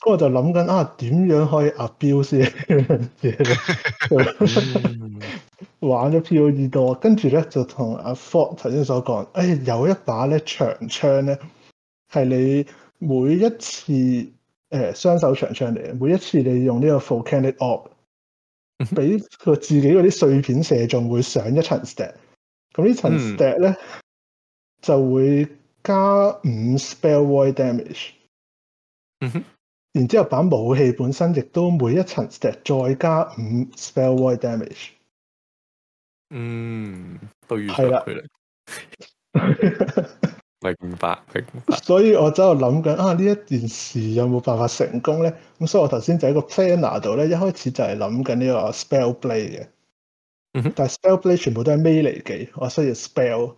嗰我就諗緊啊，點樣可以 abuse 嘅嘢玩咗 PoE 多，跟住咧就同阿 Fort 頭先所講，誒、哎、有一把咧長槍咧，係你每一次誒雙、呃、手長槍嚟嘅，每一次你用呢個 Volcanic Orb，俾佢自己嗰啲碎片射中會上一層，層 stack 咁，呢層 stack 咧就會加五 spell void damage，嗯。然之後，把武器本身亦都每一層 step 再加五 spell void damage。嗯，對，係啦是的， 明白，明白，所以我喺度諗緊啊，呢一件事有冇辦法成功咧？咁所以我頭先就喺個 planner 度咧，一開始就係諗緊呢個 spell blade 嘅。嗯、哼但係 spell blade 全部都係咩嚟嘅？我需要 spell，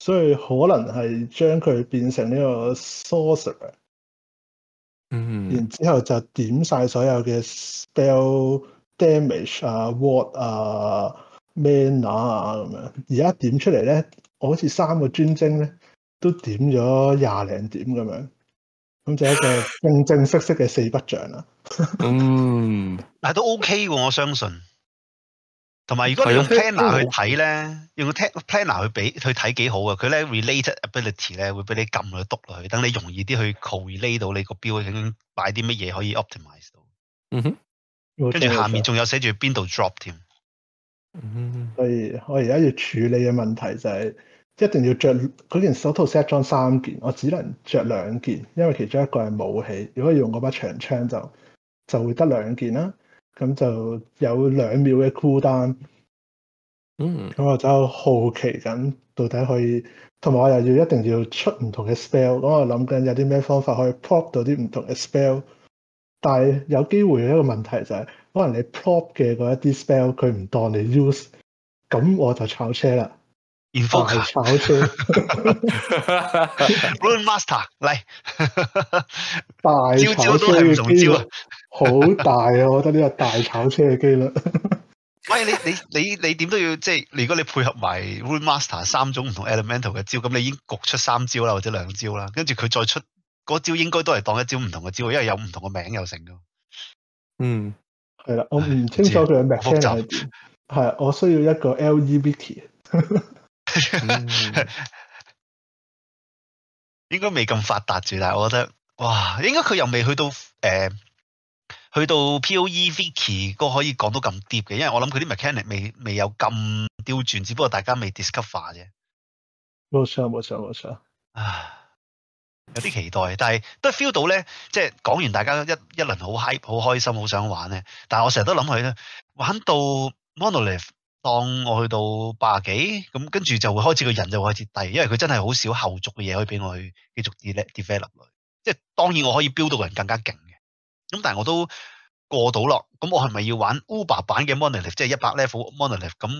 所以可能係將佢變成呢個 sorcerer 嗯，然之後就點晒所有嘅 spell damage 啊、ward 啊、mana 啊咁樣，而家點出嚟咧，我好似三個專精咧都點咗廿零點咁樣，咁就一個正正式式嘅四不像啦。嗯， 但係都 OK 喎，我相信。同埋，而且如果你用 planner 去睇咧，嗯嗯、用個 planner 去俾、嗯、哼 pl 去睇幾好啊！佢咧 related ability 咧會俾你撳落篤落去，等你容易啲去 correlate 到你個 build 究竟擺啲乜嘢可以 optimize 到。嗯、哼，跟、嗯、住下面仲有寫住邊度 drop 添。嗯哼所以我而家要處理嘅問題就係、是，一定要着嗰件手套 set 裝三件，我只能着兩件，因為其中一個係武器。如果用嗰把長槍就就會得兩件啦。咁就有兩秒嘅 cooldown，嗯，咁、mm. 我就好奇緊到底可以，同埋我又要一定要出唔同嘅 spell，咁我諗緊有啲咩方法可以 prop 到啲唔同嘅 spell，但係有機會有一個問題就係、是，可能你 prop 嘅嗰一啲 spell 佢唔當你 use，咁我就炒車啦。放 In 大炒車 ，Rune Master 嚟，招招都係唔同招啊！好大啊！我覺得呢個大炒車嘅機率，喂， 你你你你點都要即係，如果你配合埋 Rune Master 三種唔同 Elemental 嘅招，咁你已經焗出三招啦，或者兩招啦，跟住佢再出嗰招，應該都係當一招唔同嘅招，因為有唔同嘅名又成噶。嗯，係啦，我唔唉清楚佢嘅名。複雜係，我需要一個 LGBT。E B T, 應該未咁發達住，但係我覺得，哇，應該佢又未去到，誒、呃，去到 Poe、Vicky 哥可以講到咁深嘅，因為我諗佢啲 mechanic 未未有咁刁鑽，只不過大家未 discover 啫。冇錯，冇錯，冇錯。啊，有啲期待，但係都係 feel 到咧，即係講完大家一一輪好 high、好開心、好想玩咧。但係我成日都諗佢咧，玩到 Monolith。當我去到八十幾，咁跟住就會開始個人就會開始低，因為佢真係好少後續嘅嘢可以俾我去繼續 develop develop 即係當然我可以 build 到個人更加勁嘅，咁但係我都過到咯。咁我係咪要玩 Uber 版嘅 monolith 即係一百 level monolith 咁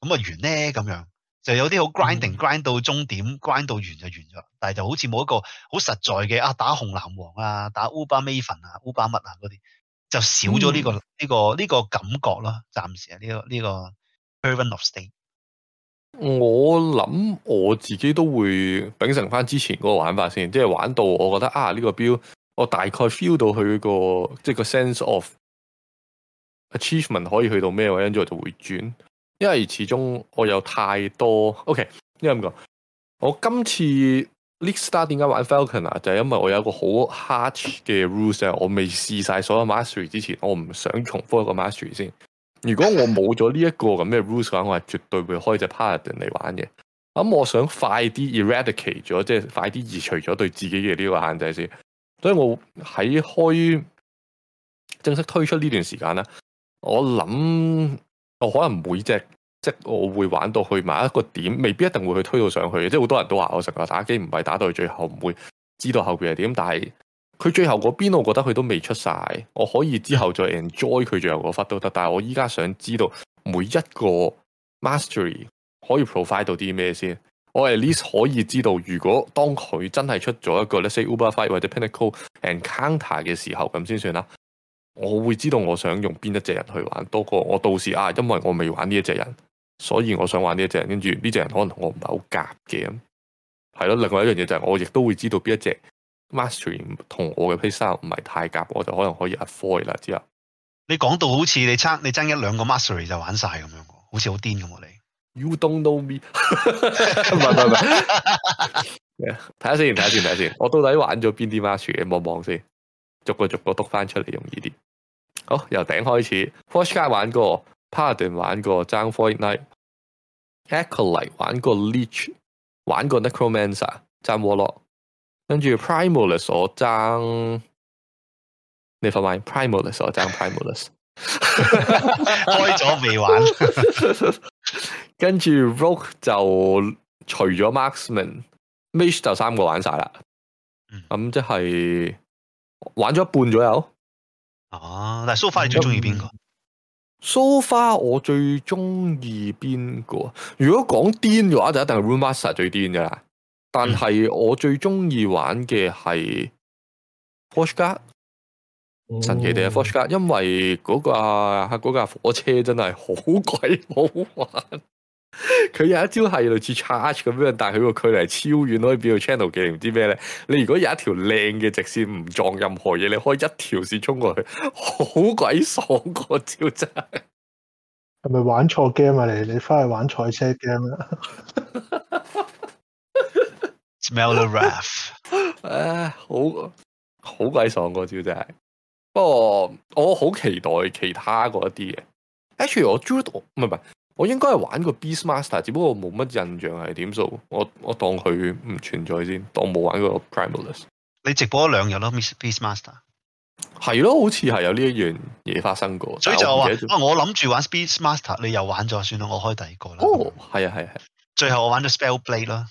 咁啊完咧咁樣，就有啲好 grinding、嗯、grind 到終點，grind 到完就完咗。但係就好似冇一個好實在嘅啊，打紅藍黃啊，打 Uber Maven 啊，Uber 乜、嗯、啊嗰啲、啊嗯啊，就少咗呢、這個呢、這個呢、這個感覺啦暫時啊，呢個呢個。這個我諗我自己都會秉承翻之前嗰個玩法先，即係玩到我覺得啊呢、呢個標，我大概 feel 到佢、嗰個即係個 sense of achievement 可以去到咩位，跟住我就會轉，因為始終我有太多。OK，呢個咁講，我今次 League Start 點解玩 Falconer？就係因為我有一個好 hard 嘅 rules 我未試晒所有 mastery 之前，我唔想重複一個 mastery 先。如果我冇咗呢一個咁嘅 rules 嘅話，我係絕對會開隻 Paladin 嚟玩嘅。咁我想快啲 eradicate 咗，即係快啲移除咗對自己嘅呢個限制先。所以我喺開正式推出呢段時間咧，我諗我可能每隻即係我會玩到去埋一個點，未必一定會去推到上去嘅。即係好多人都話我成日打機唔係打到最後，唔會知道後邊係點，但係。佢最後嗰邊，我覺得佢都未出曬，我可以之後再 enjoy 佢最後嗰發都得。但係我依家想知道每一個 mastery 可以 provide 到啲咩先。我 at least 可以知道，如果當佢真係出咗一個 let's say Uber fight 或者 Pinnacle encounter 嘅時候，咁先算啦。我會知道我想用邊一隻人去玩，多過我到時啊，因為我未玩呢一隻人，所以我想玩呢一隻人。跟住呢隻人可能我唔係好夾嘅咁，係咯。另外一樣嘢就係、是、我亦都會知道邊一隻。mastery 同我嘅 playstyle 唔係太夾，我就可能可以 avoid 啦。之後你講到好似你爭你爭一兩個 mastery 就玩曬咁樣，好似好癲咁喎你。You don't know me 是。唔唔唔，睇下先，睇下先，睇下先。我到底玩咗邊啲 mastery？望望先，逐個逐個篤翻出嚟，容易啲。好，由頂開始。Forge Guard 玩過，Paladin 玩過，爭 Void Knight，acolyte 玩過，Lich 玩過，necromancer 爭 Warlock。跟住 Primalist 我爭你發咪 Primalist 我爭 Primalist 開咗未玩？跟住 Rogue 就除咗 Marksman m a s h 就三個玩晒啦。咁、嗯、即係玩咗一半左右。哦、啊，但係 so far 你最中意邊個？so far、so、我最中意邊個？如果講癲嘅話，就一定係 Runemaster 最癲噶啦。但係我最中意玩嘅係《Forge Guard》神奇地《Forge Guard》因為嗰架、啊嗰個、火車真係好鬼好玩。佢有一招係類似 charge 咁樣，但係佢個距離超遠，可以俾個 channel 技能唔知咩咧。你如果有一條靚嘅直線唔撞任何嘢，你可以一條線衝過去，好鬼爽個招真係。係咪玩錯 game 啊？你你翻去玩賽車 game 啦、啊。 Smell the wrath！誒、 啊，好好鬼爽個招真係，不過我好期待其他嗰啲嘢。Actually，我 do 唔係唔係，我應該係玩過 Beast Master，只不過我冇乜印象係點數。我我當佢唔存在先，當冇玩過 Primalist。你直播咗兩日咯，Miss Beast Master。係咯，好似係有呢一樣嘢發生過。所以就話，我諗住玩 Beast Master，你又玩咗，算啦，我開第二個啦。哦，係啊，係啊，係。最後我玩咗 Spell Blade 啦。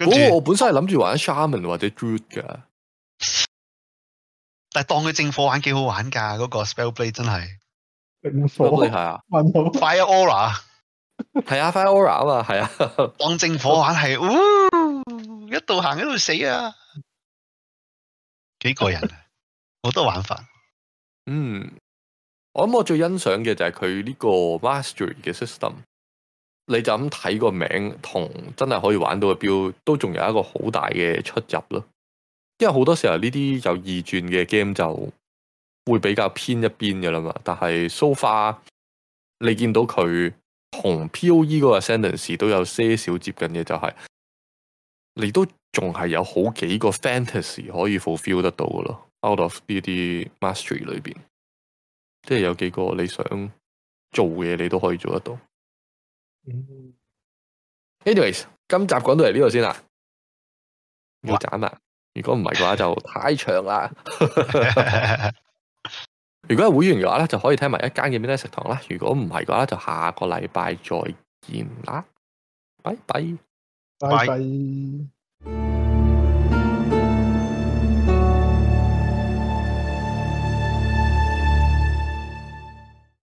嗰我本身係諗住玩 shaman 或者 druid 噶，但係當佢正火玩幾好玩㗎，嗰、嗰個 spellblade 真係好厲害啊！運好快 A 啊，aura 係啊，fire aura 啊嘛，係啊，當正火玩係， 哦、一度行一度死啊，幾過癮啊！好 多玩法，嗯，我諗我最欣賞嘅就係佢呢個 mastery 嘅 system。你就咁睇個名同真係可以玩到嘅 build 都仲有一個好大嘅出入咯。因為好多時候呢啲有二轉嘅 game 就會比較偏一邊嘅啦嘛。但係 so far 你見到佢同 P.O.E 個 ascendancy 都有些少接近嘅、就係，就係你都仲係有好幾個 fantasy 可以 fulfill 得到嘅咯。Out of 呢啲 mastery 裏面，即係有幾個你想做嘅嘢，你都可以做得到。a n y w a y s、嗯、 Anyways, 今集講到嚟呢度先啦，要斬啦、啊！哇如果唔係嘅話就太長啦。 如果係會員嘅話咧，就可以聽埋一間嘅 Midnight 食堂啦。如果唔係嘅話，就下個禮拜再見啦。拜拜，拜拜 bye。Bye bye。